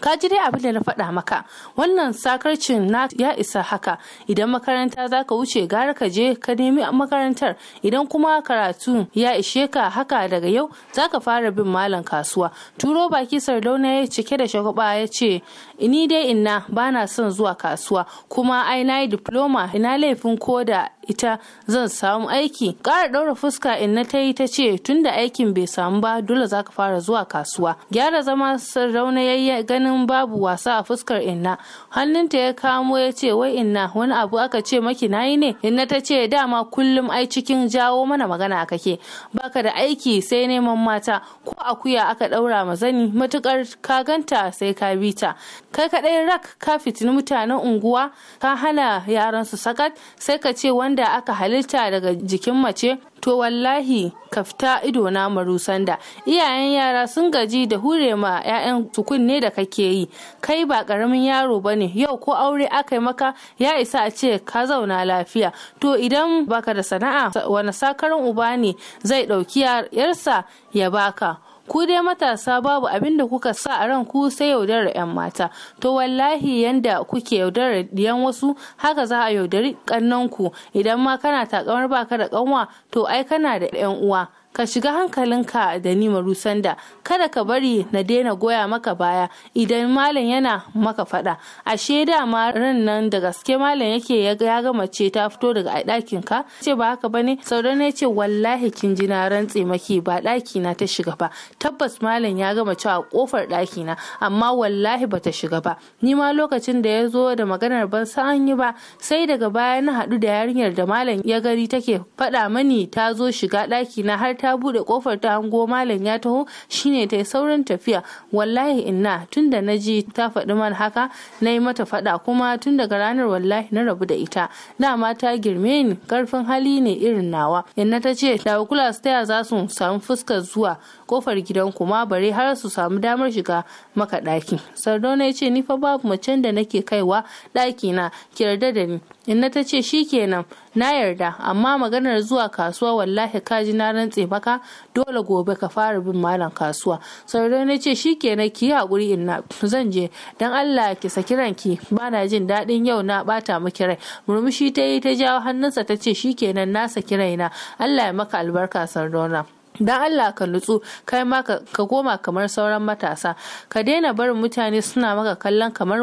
ka ji dai abin da na faɗa maka wannan sakarcin na ya isa haka idan makaranta za ka wuce gara ka je ka nemi makarantar idan kuma karatu ya ishe ka haka daga yau za ka fara bin malam kasuwa turo baki sardauna ya cike da Shagaba. ya ce ni dai inna bana son zuwa kasuwa kuma ai na yi diploma ina laifin ko da ita zan samu aiki Kara ɗaura fuska inna ta yi ta ce tunda aikin bai samu ba dole zaka fara zuwa kasuwa gyara zama sarrauna ya ganin babu wasa a fuskar inna hannunta ya kamo ya ce wai inna wani abu aka ce maki nayi ne inna ta ce dama kullum ai cikin jawo mana magana kake baka da aiki sai neman mata ko akuya aka ɗaura ma zani matukar ka ganta sai ka bi ta kai kaɗai rak ka fitini mutanen unguwa ka hana yaran su sakat sai ka ce wanda aka halitta daga jikin mace to wallahi ka fita ido na marusanda iyayen yara sun gaji da hure ma 'ya'yan su kunne da kake yi kai ba karamin yaro bane yau ko aure aka yi maka ya isa a ce ka zauna lafiya to idan baka da sana'a wani sakarin uba ne zai ɗauki yarsa ya baka ku dai matasa babu abin da kuka sa a ran ku sai yaudarar 'yan mata to wallahi yanda kuke yaudarar diyan wasu haka za a yaudari kannan ku idan ma kana takamar baka da kanwa to ai kana da 'yan uwa ka shiga hankalinka da ni marusanda kada ka bari na daina goya maka baya idan malam yana maka faɗa ashe ma ran nan da gaske malam yake ya ga mace ta fito daga ɗakin ka ce ba haka bane sauran ya ce wallahi kin ji na rantse maki ba ɗaki na ta shiga ba tabbas malam ya gama cewa kofar ɗaki na amma wallahi ba ta shiga ba ni ma lokacin da ya zo da maganar ban san yi ba sai daga baya na haɗu da yarinyar da malam ya gari take faɗa mani ta zo shiga ɗaki na har ta ta bude kofar ta hango malam ya taho shine ta saurin tafiya wallahi inna tunda na ji ta faɗi man haka na yi mata faɗa kuma tun daga ranar wallahi na rabu da ita dama ta girme ni karfin hali ne irin nawa inna ta ce da kula su taya za su samu fuskar zuwa kofar gidan kuma bare har su samu damar shiga maka ɗaki Sardona ya ce ni fa babu macen da nake kaiwa ɗaki na ki yarda da ni inna ta ce shi kenan na yarda amma maganar zuwa kasuwa wallahi kaji na rantse maka dole gobe ka fara bin malam kasuwa Sardona ya ce shi kenan ki yi haƙuri inna zan je dan Allah ki saki ranki bana jin daɗin yau na bata miki rai murmushi ta yi ta jawo hannunsa ta ce shi kenan na saki raina Allah ya maka albarka sardona. dan Allah ka nutsu kai ma ka koma kamar sauran matasa ka daina barin mutane suna maka kallon kamar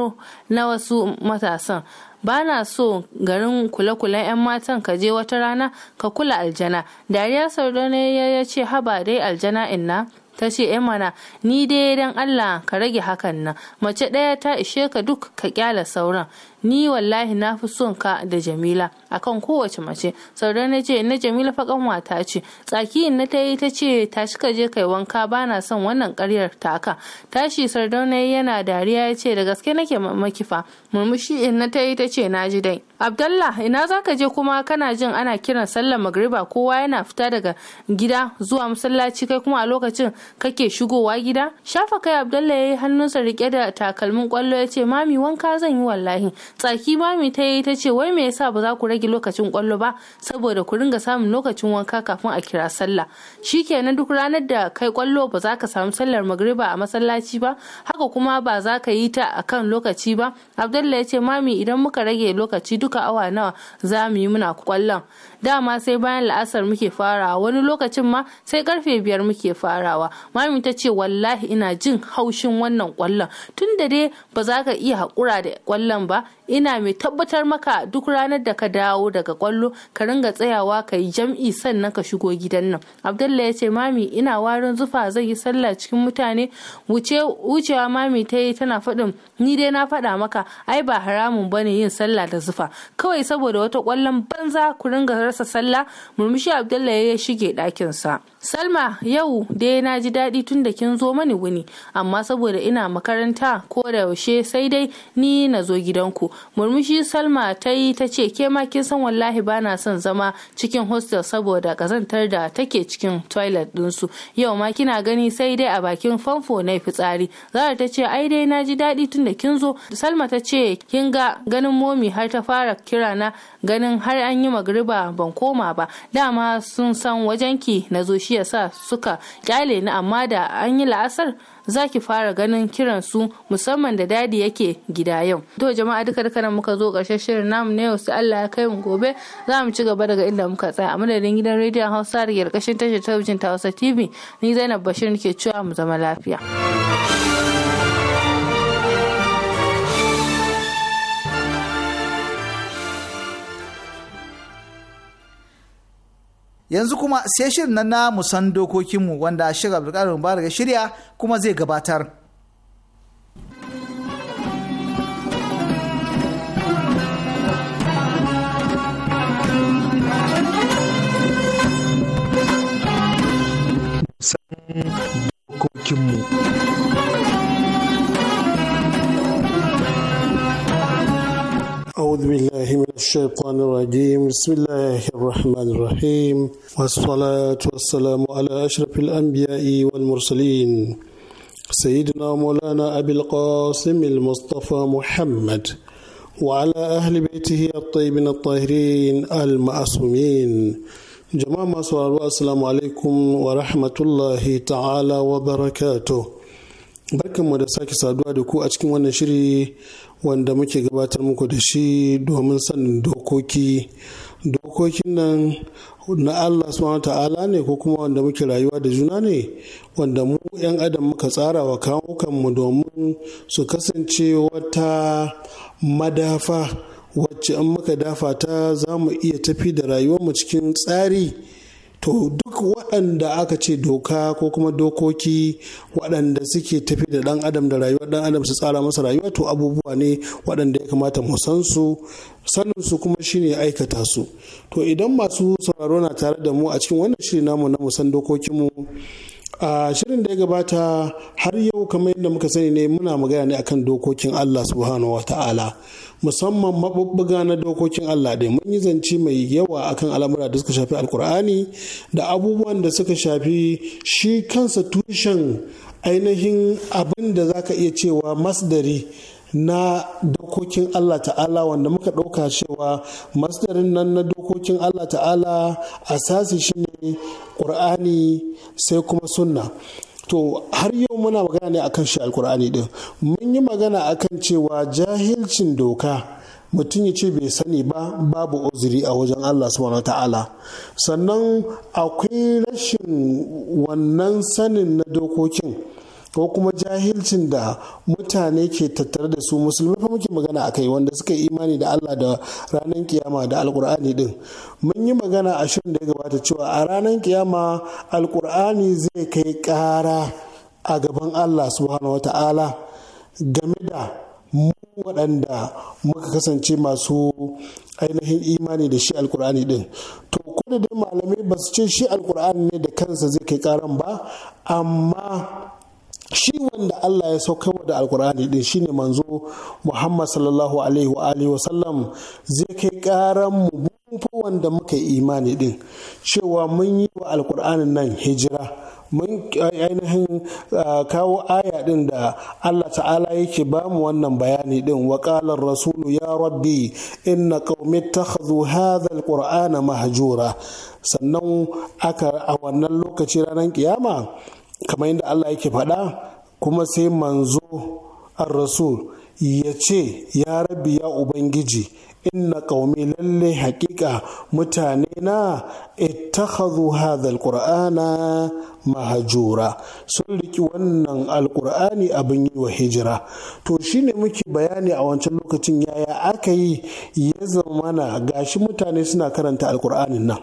na wasu matasan ba na so garin kule-kulen 'yan matan ka je wata rana ka kula aljana dariya ne ya ce haba dai aljana inna ta ce ‘yan eh mana ni dai dan Allah ka rage hakan nan mace ɗaya ta ishe ka duk ka kyala sauran ni wallahi na fi son ka da jamila akan kowace mace sauran na ce na jamila fa kanwata ce tsaki in na ta yi ta ce shi ka je kai wanka bana son wannan karyar taka tashi sardauna yana dariya ya ce da gaske nake makifa murmushi in na ta yi ta ce na ji dai abdallah ina za ka je kuma kana jin ana kiran sallar magriba kowa yana fita daga gida zuwa masallaci kai kuma a lokacin kake shigowa gida shafa kai abdallah ya yi hannunsa rike da takalmin kwallo ya ce mami wanka zan yi wallahi tsaki mami ta yi ta ce wai me yasa ba za ku rage lokacin kwallo ba saboda ku ringa samun lokacin wanka kafin a kira sallah Shi shikenan duk ranar da kai kwallo ba za ka samu sallar magriba a masallaci ba haka kuma ba za ka yi ta akan lokaci ba abdullahi ya ce mami idan muka rage lokaci duka awa nawa za mu yi muna kwallon dama sai bayan la'asar muke farawa wani lokacin ma sai karfe biyar muke farawa mami ta ce wallahi ina jin haushin wannan kwallon tun da dai ba za ka iya haƙura da kwallon ba ina mai tabbatar maka duk ranar da ka dawo daga kwallo ka ringa tsayawa ka yi jam'i sannan ka shigo gidan nan abdullahi ya ce mami ina warin zufa zai yi sallah cikin mutane wucewa mami ta yi tana faɗin ni dai na faɗa maka ai ba haramun ba ne yin sallah da zufa kawai saboda wata kwallon banza ku ringa rasa sallah murmushi abdullahi ya shige ɗakinsa. sa Salma yau dai na ji daɗi tun da kin zo mani wuni amma saboda ina makaranta ko da yaushe sai dai ni na zo gidanku. Murmushi Salma ta yi ta ce ke ma kin san wallahi ba na son zama cikin hostel saboda kazantar da take cikin toilet ɗinsu. Yau ma kina gani sai dai a bakin famfo na fitsari. Zara ta ce ai dai na ji daɗi tun da kin zo. Salma ta ce kin ga ganin momi har ta fara kira na ganin har an yi magriba ban koma ba. Dama sun san wajenki na zo shi shi yasa suka kyale ni amma da an yi la'asar za ki fara ganin kiran su musamman da dadi yake gida yau to jama'a duka duka nan muka zo ƙarshen shirin namu na yau sai Allah ya kai mu gobe za mu ci gaba daga inda muka tsaya a madadin gidan rediyon Hausa da karkashin tashar talabijin ta Hausa TV ni Zainab Bashir nake cewa mu zama lafiya. yanzu kuma sai shirin na musan dokokinmu wanda shirin abdulkadir mubarak shirya kuma zai gabatar dokokinmu أعوذ بالله من الشيطان الرجيم بسم الله الرحمن الرحيم والصلاة والسلام على أشرف الأنبياء والمرسلين سيدنا مولانا أبي القاسم المصطفى محمد وعلى أهل بيته الطيبين الطاهرين المعصومين جماعة مصر السلام عليكم ورحمة الله تعالى وبركاته barkanmu da sake saduwa da ku a cikin wannan shiri wanda muke gabatar muku da shi domin sanin dokoki dokokin nan na Allah subhanahu ta'ala ne ko kuma wanda muke rayuwa da juna ne wanda mu 'yan adam muka tsara wa mu domin su kasance wata madafa wacce an muka dafa ta za mu iya tafi da rayuwarmu cikin tsari to duk waɗanda aka ce doka ko kuma dokoki waɗanda suke tafi da ɗan adam da rayuwa ɗan adam su tsara masa rayuwa to abubuwa ne waɗanda ya kamata mu san su sanin su kuma shine aikata su to idan masu sauraro na tare da mu a cikin wannan shiri namu na musan dokokin mu a shirin da ya gabata har yau kamar yadda muka sani ne muna magana ne akan dokokin Allah subhanahu wa ta'ala musamman maɓuɓɓuga na dokokin Allah dai mun yi zance mai yawa akan al'amura da suka shafi alkur'ani da abubuwan da suka shafi shi kansa tushen ainihin abin da za ka iya cewa masdari na dokokin Allah ta'ala wanda muka ɗauka cewa masdarin nan na dokokin Allah ta'ala a asasi shi ne ƙur'ani sai kuma sunna to har yau muna magana ne akan shi alkur'ani din mun yi magana akan cewa jahilcin doka mutum ya ce bai sani ba babu uzuri a wajen Allah subhanahu ta'ala sannan akwai rashin wannan sanin na dokokin ko kuma jahilcin da mutane ke tattare da su musulmi fa muke magana a kai wanda suka yi imani da Allah da ranar kiyama da alkur'ani din mun yi magana a shirin da ya gabata cewa a ranar kiyama alkur'ani zai kai ƙara a gaban Allah subhanahu wata'ala game da mu waɗanda muka kasance masu ainihin imani da shi alkur'ani din to ko da dai malamai ba su ce shi alkur'ani ne da kansa zai kai karan ba amma shi wanda Allah ya saukar da alkur'ani din shine manzo Muhammad sallallahu alaihi wa alihi wa sallam zai kai karan mu wanda muka yi imani din cewa mun yi wa alkur'anin nan hijira mun ainihin kawo aya din da Allah ta'ala yake ba mu wannan bayani din wa rasulu ya rabbi inna qaumi takhadhu hadha alqur'ana mahjura sannan aka a wannan lokaci ranar kiyama kamar yadda Allah yake faɗa kuma sai manzo ar-rasul ya ce ya rabbi ya ubangiji inna ƙaumi lalle haƙiƙa mutane na ittakhadhu hadha alqur'ana mahajura sun riki wannan alqur'ani abin yi wa hijira to shine muke bayani a wancan lokacin yaya aka yi ya mana gashi mutane suna karanta alqur'anin nan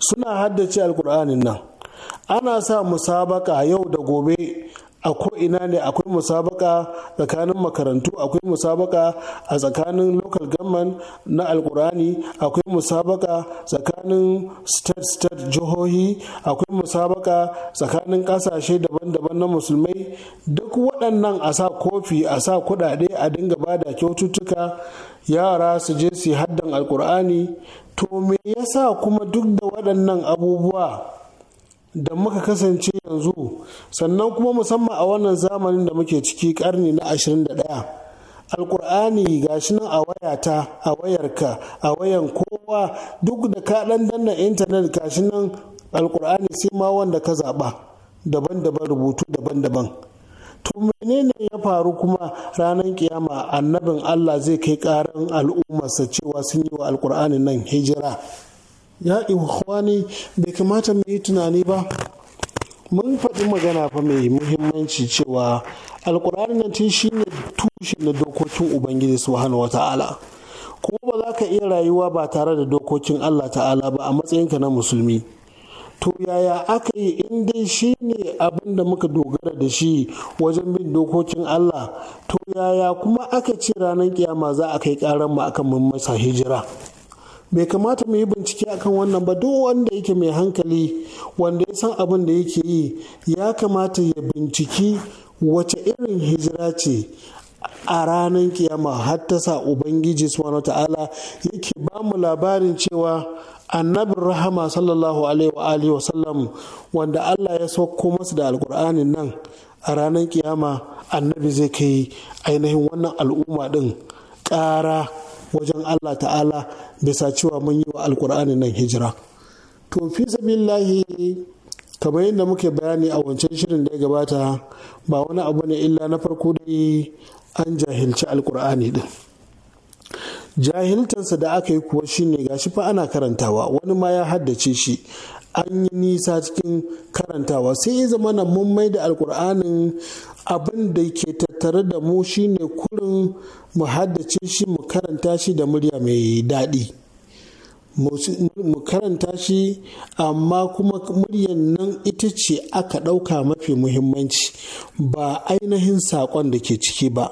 suna haddace alqur'anin nan ana sa musabaka yau da gobe a ko'ina ne akwai musabaka tsakanin makarantu akwai musabaka a tsakanin local government na alkurani akwai musabaka tsakanin state state jihohi akwai musabaka tsakanin kasashe daban-daban na musulmai duk waɗannan a sa kofi a sa kuɗaɗe a dinga ba da kyaututtuka yara su je su haddan alkurani to me yasa kuma duk da waɗannan abubuwa da muka kasance yanzu sannan kuma musamman a wannan zamanin da muke ciki karni na 21 alkur'ani gashi nan a wayata a wayarka a wayan kowa duk da ka dan danna intanet gashi nan alkur'ani sai ma wanda ka zaɓa daban-daban rubutu daban-daban to menene ya faru kuma ranar kiyama annabin allah zai kai karan al'ummarsa cewa sun yi wa alkur'ani nan hijira ya ikhwani bai kamata mu yi tunani ba mun faɗi magana fa mai muhimmanci cewa alkur'ani nan tun shi ne tushe na dokokin ubangiji su subhanahu wata'ala kuma ba za ka iya rayuwa ba tare da dokokin allah ta'ala ba a matsayinka na musulmi to yaya aka yi in dai shi ne abin da muka dogara da shi wajen bin dokokin allah to yaya kuma aka ce ranar kiyama za a kai karan mu akan mun masa hijira bai kamata mu yi bincike akan wannan ba duk wanda yake mai hankali wanda ya san abin da yake yi ya kamata ya binciki wace irin hijira ce a ranar kiyama har ta sa ubangiji subhanahu ta'ala yake ba mu labarin cewa annabi rahama sallallahu alaihi wa sallam wanda allah ya sauko masa da alkur'anin nan a ranar kiyama annabi zai kai ainihin wannan al'umma din ƙara wajen Allah ta'ala bisa cewa mun yi wa alkur'ani nan hijira to fi sabilillahi kamar yadda muke bayani a wancan shirin da ya gabata ba wani abu ne illa na farko da an jahilci alkur'ani din jahiltansa da aka yi kuwa shine gashi fa ana karantawa wani ma ya haddace shi an yi nisa cikin karantawa sai ya zama mun mai da alkur'anin abin da ke tattare da mu shine kurin mu haddace shi mu karanta shi da murya mai daɗi mu karanta shi amma kuma muryan nan ita ce aka ɗauka mafi muhimmanci ba ainihin saƙon da ke ciki ba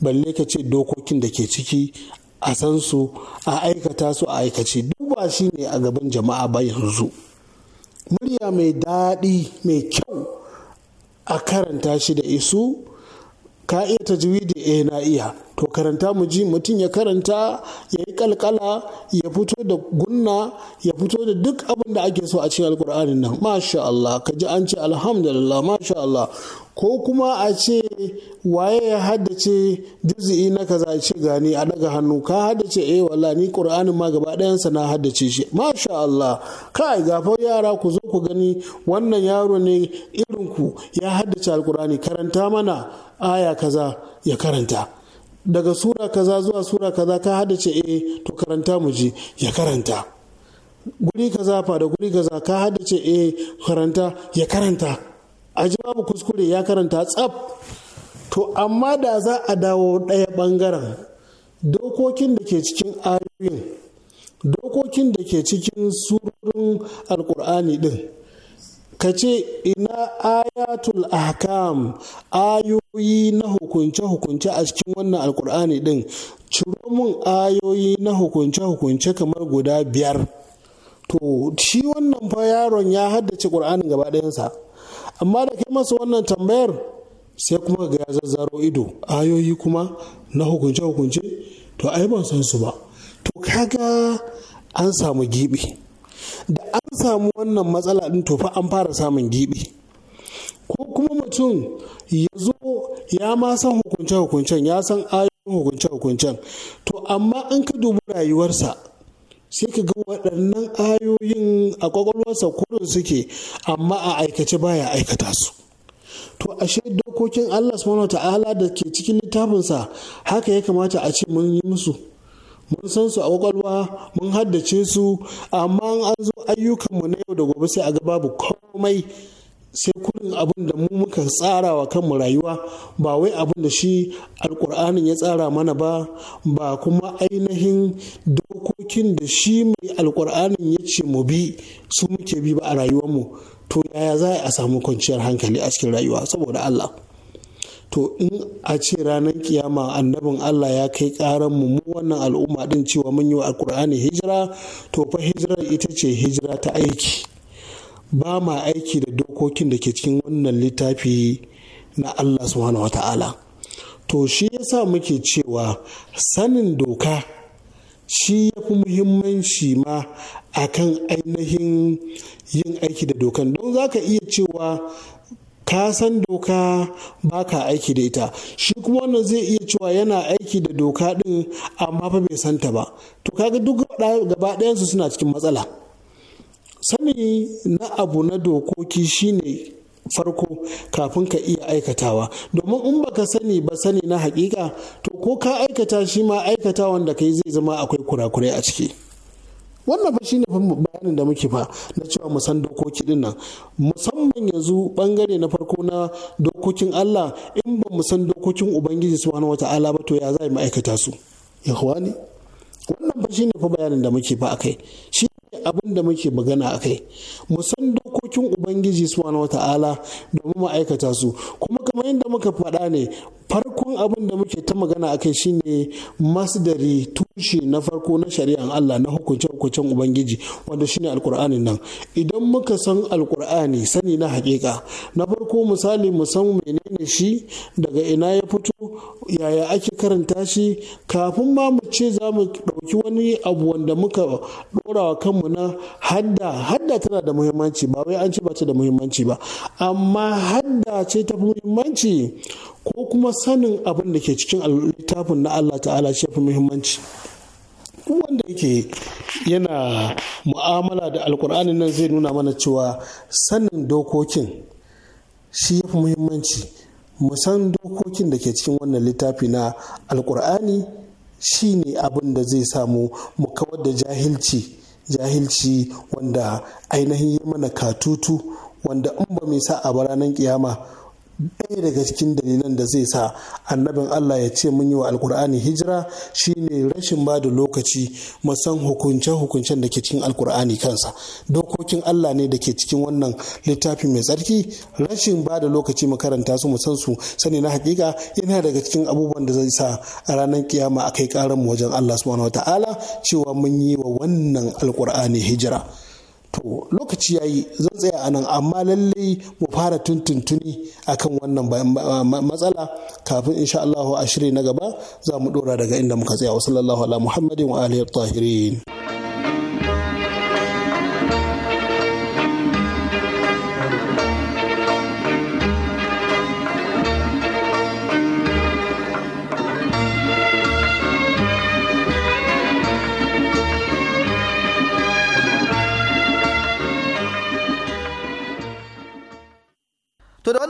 balle ka ce dokokin da ke ciki a san su a aikata su a aikace duba shi ne a gaban jama'a ba yanzu murya mai daɗi mai kyau a karanta shi da isu ka iya tajwidi eh na iya to karanta mu ji mutum ya karanta ya yi kalkala ya fito da gunna ya fito da duk abin da ake so a cikin alkur'anin nan masha Allah ka ji an ce alhamdulillah masha Allah ko kuma a ce waye ya haddace juz'i na kaza ce gani a daga hannu ka haddace eh wala ni qur'anin ma gaba ɗayansa na haddace shi masha Allah kai gafo yara ku zo ku gani wannan yaro ne irin ku ya haddace alqur'ani karanta mana aya kaza ya karanta daga sura kaza zuwa sura kaza ka haddace eh to karanta mu ji ya karanta guri kaza fa da guri kaza ka haddace eh karanta ya karanta a ji babu kuskure ya karanta tsaf to amma da za a dawo ɗaya ɓangaren dokokin da ke cikin ayoyin dokokin da ke cikin surorin alkur'ani ɗin ka ce ina ayatul ahkam ayoyi na hukunce-hukunce a cikin wannan alkur'ani ɗin ciro mun ayoyi na hukunce-hukunce kamar guda biyar to shi wannan fa yaron ya haddace ƙur'anin gaba ɗayansa amma da kai masa wannan tambayar sai kuma ga ya zazzaro ido ayoyi kuma na hukunce hukunce to ai ban san su ba to kaga an samu gibi da an samu wannan matsala din to fa an fara samun gibi ko kuma mutum ya zo ya ma san hukunce hukuncen ya san ayoyin hukunce hukuncen to amma in ka dubi rayuwarsa sai ka ga waɗannan ayoyin a ƙwaƙwalwarsa kurin suke amma a aikace baya aikata su to ashe dokokin Allah subhanahu ta'ala da ke cikin littafinsa haka ya kamata a ce mun yi musu mun san su a ƙwaƙwalwa mun haddace su amma an zo ayyukanmu na yau da gobe sai a ga babu komai sai kurin abin da mu muka tsara wa kanmu rayuwa ba wai abin da shi alƙur'anin ya tsara mana ba ba kuma ainihin dokokin da shi mai alkur'anin ya ce mu bi su muke bi ba a rayuwarmu to yaya za a samu kwanciyar hankali a cikin rayuwa saboda Allah to in a ce ranar kiyama annabin Allah ya kai karan mu mu wannan al'umma din cewa mun yi wa alkur'ani hijira to fa hijirar ita ce hijira ta aiki ba ma aiki da dokokin da ke cikin wannan littafi na Allah subhanahu wata'ala to shi yasa muke cewa sanin doka shi ya fi muhimmanci ma akan ainihin yin aiki da dokan don za ka iya cewa ka san doka ba ka aiki da ita shi kuma wannan zai iya cewa yana aiki da doka ɗin amma fa bai santa ba to kaga duk gaba ɗayansu suna cikin matsala sani na abu na dokoki shine farko kafin ka iya aikatawa domin in baka sani ba sani na hakika to ko ka aikata shi ma aikata wanda kai zai zama akwai kurakurai a ciki wannan fa shine bayanin da muke fa na cewa mu san dokoki din nan musamman yanzu bangare na farko na dokokin Allah in ba mu san dokokin ubangiji subhanahu wata'ala ba to ya za mu aikata su ikhwani wannan fa shine fa bayanin da muke fa akai shi abin da muke magana a kai mu san dokokin ubangiji subhanahu wata'ala domin mu aikata su kuma kamar yadda muka faɗa ne farkon abin da muke ta magana a kai shine masdari tushe na farko na shari'an Allah na hukunce-hukuncen ubangiji wanda shine alkur'ani nan idan muka san alkur'ani sani na hakika na farko misali mu san menene shi daga ina ya fito yaya ake karanta shi kafin ma mu ce za mu ɗauki wani abu wanda muka ɗora wa kanmu na hadda hadda tana da muhimmanci ba wai an ce ba ta da muhimmanci ba amma hadda ce ta muhimmanci ko kuma sanin abin da ke cikin littafin na Allah ta'ala shi fi muhimmanci wanda yake yana mu'amala da alkur'ani nan zai nuna mana cewa sanin dokokin shi ya fi muhimmanci mu san dokokin da ke cikin wannan littafi na alkur'ani shi ne abin da zai samu mu kawar da jahilci jahilci wanda ainihin yi mana katutu wanda in ba mai sa a ranar kiyama ɗaya daga cikin dalilan da zai sa annabin Allah ya ce mun yi wa alkur'ani hijira shine rashin ba da lokaci musan hukunce-hukuncen da ke cikin alkur'ani kansa dokokin Allah ne da ke cikin wannan littafi mai tsarki rashin ba da lokaci makaranta su san su sani na hakika yana daga cikin abubuwan da zai sa a ranar kiyama a kai mu wajen Allah subhanahu wataala cewa mun yi wa wannan alkur'ani hijira to lokaci ya yi zan tsaya a nan amma lallai mu fara tuntuntuni a kan wannan matsala kafin insha Allah a shiri na gaba za mu dora daga inda muka tsaya wasu lallahu ala muhammadin wa alihi tahirin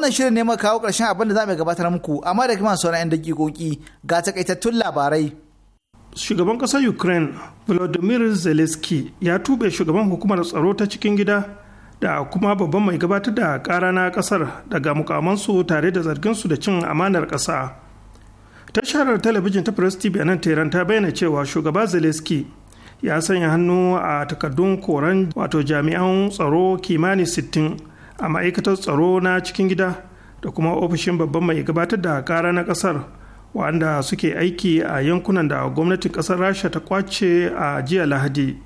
wannan shirin ne kawo ƙarshen abin da za mu gabatar muku amma da kuma sauran 'yan dakikoki ga takaitattun labarai. Shugaban ƙasar Ukraine Volodymyr Zelensky ya tube shugaban hukumar tsaro ta cikin gida da kuma babban mai gabatar da ƙara na ƙasar daga mukamansu tare da zargin su da cin amanar ƙasa. Tasharar talabijin ta Press TV nan Tehran ta bayyana cewa shugaba Zelensky ya sanya hannu a takardun koran wato jami'an tsaro kimanin sittin. a ma'aikatar tsaro na cikin gida da kuma ofishin babban mai gabatar da kara na kasar wanda suke aiki a yankunan da gwamnatin kasar rasha ta kwace a jiya lahadi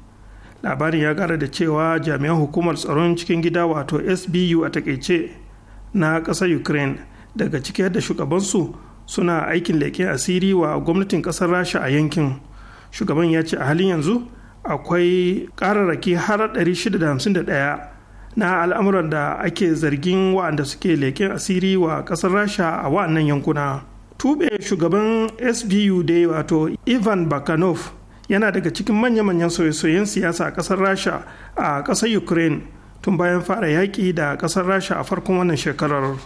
labarin ya kara da cewa jami'an hukumar tsaron cikin gida wato sbu a takaice na kasar ukraine daga ciki da shugabansu suna aikin leƙen asiri wa gwamnatin kasar rasha a yankin shugaban ya ce a halin yanzu akwai ƙararraki har 651 na al'amuran da ake zargin wa'anda suke leƙen asiri wa ƙasar rasha a wa'annan yankuna tube shugaban sbu da wato ivan bakanov yana daga cikin manya-manyan soye siyasa a ƙasar rasha a ƙasar ukraine tun bayan fara yaƙi da ƙasar rasha a farkon wannan shekarar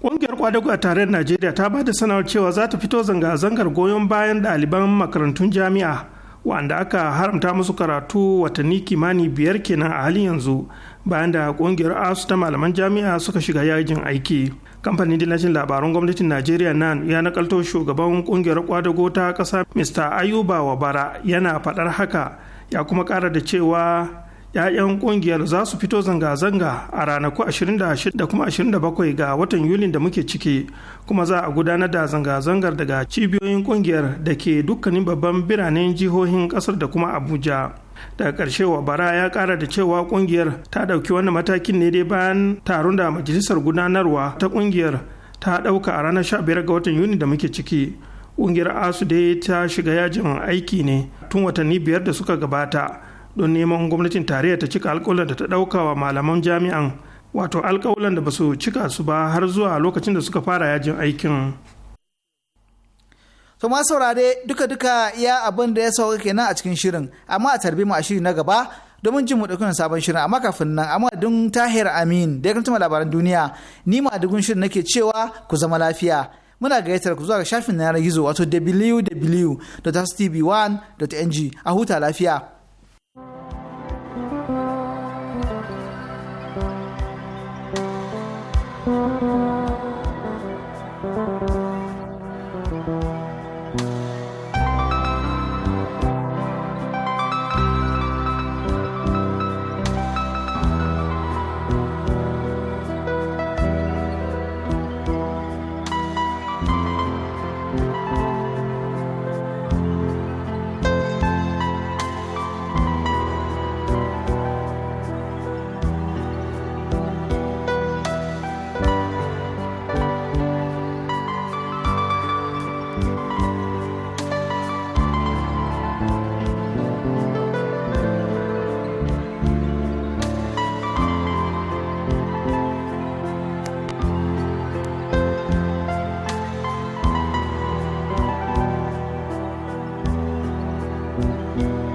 Ƙungiyar kwadago a tarayyar Najeriya ta ba da sanarwar cewa za ta fito zanga-zangar goyon bayan ɗaliban makarantun jami'a wanda aka haramta musu karatu watanni kimani biyar kenan a halin yanzu bayan da kungiyar asu ta malaman jami'a suka shiga yajin aiki kamfanin dillacin labarun gwamnatin najeriya nan ya nakalto shugaban kungiyar kwadago ta kasa mr ayuba wabara yana faɗar haka ya kuma ƙara da cewa 'ya'yan kungiyar za su fito zanga-zanga a ranaku 26 da kuma 27 ga watan yulin da muke ciki kuma za a gudanar da zanga-zangar daga cibiyoyin kungiyar da ke dukkanin babban biranen jihohin kasar da kuma abuja daga ƙarshe wa bara ya ƙara da cewa ƙungiyar ta ɗauki wannan matakin ne dai bayan taron da majalisar gudanarwa ta ƙungiyar ta ɗauka a ranar 15 ga watan yuni da muke ciki ƙungiyar asu dai ta shiga yajin aiki ne tun watanni biyar da suka gabata don neman gwamnatin tarayya ta cika alkawalan da ta ɗauka wa malaman jami'an wato alkawalan da ba su cika su ba har zuwa lokacin da suka fara yajin aikin. to ma saurare duka-duka ya abin da ya sauka kenan a cikin shirin amma a tarbi mu a shiri na gaba domin jin mu ɗauki sabon shirin amma kafin nan amma dun tahir amin da ya kantuma labaran duniya ni ma dugun shirin nake cewa ku zama lafiya muna gayyatar ku zuwa ga shafin yanar gizo wato www.tv1.ng a huta lafiya. Thank you.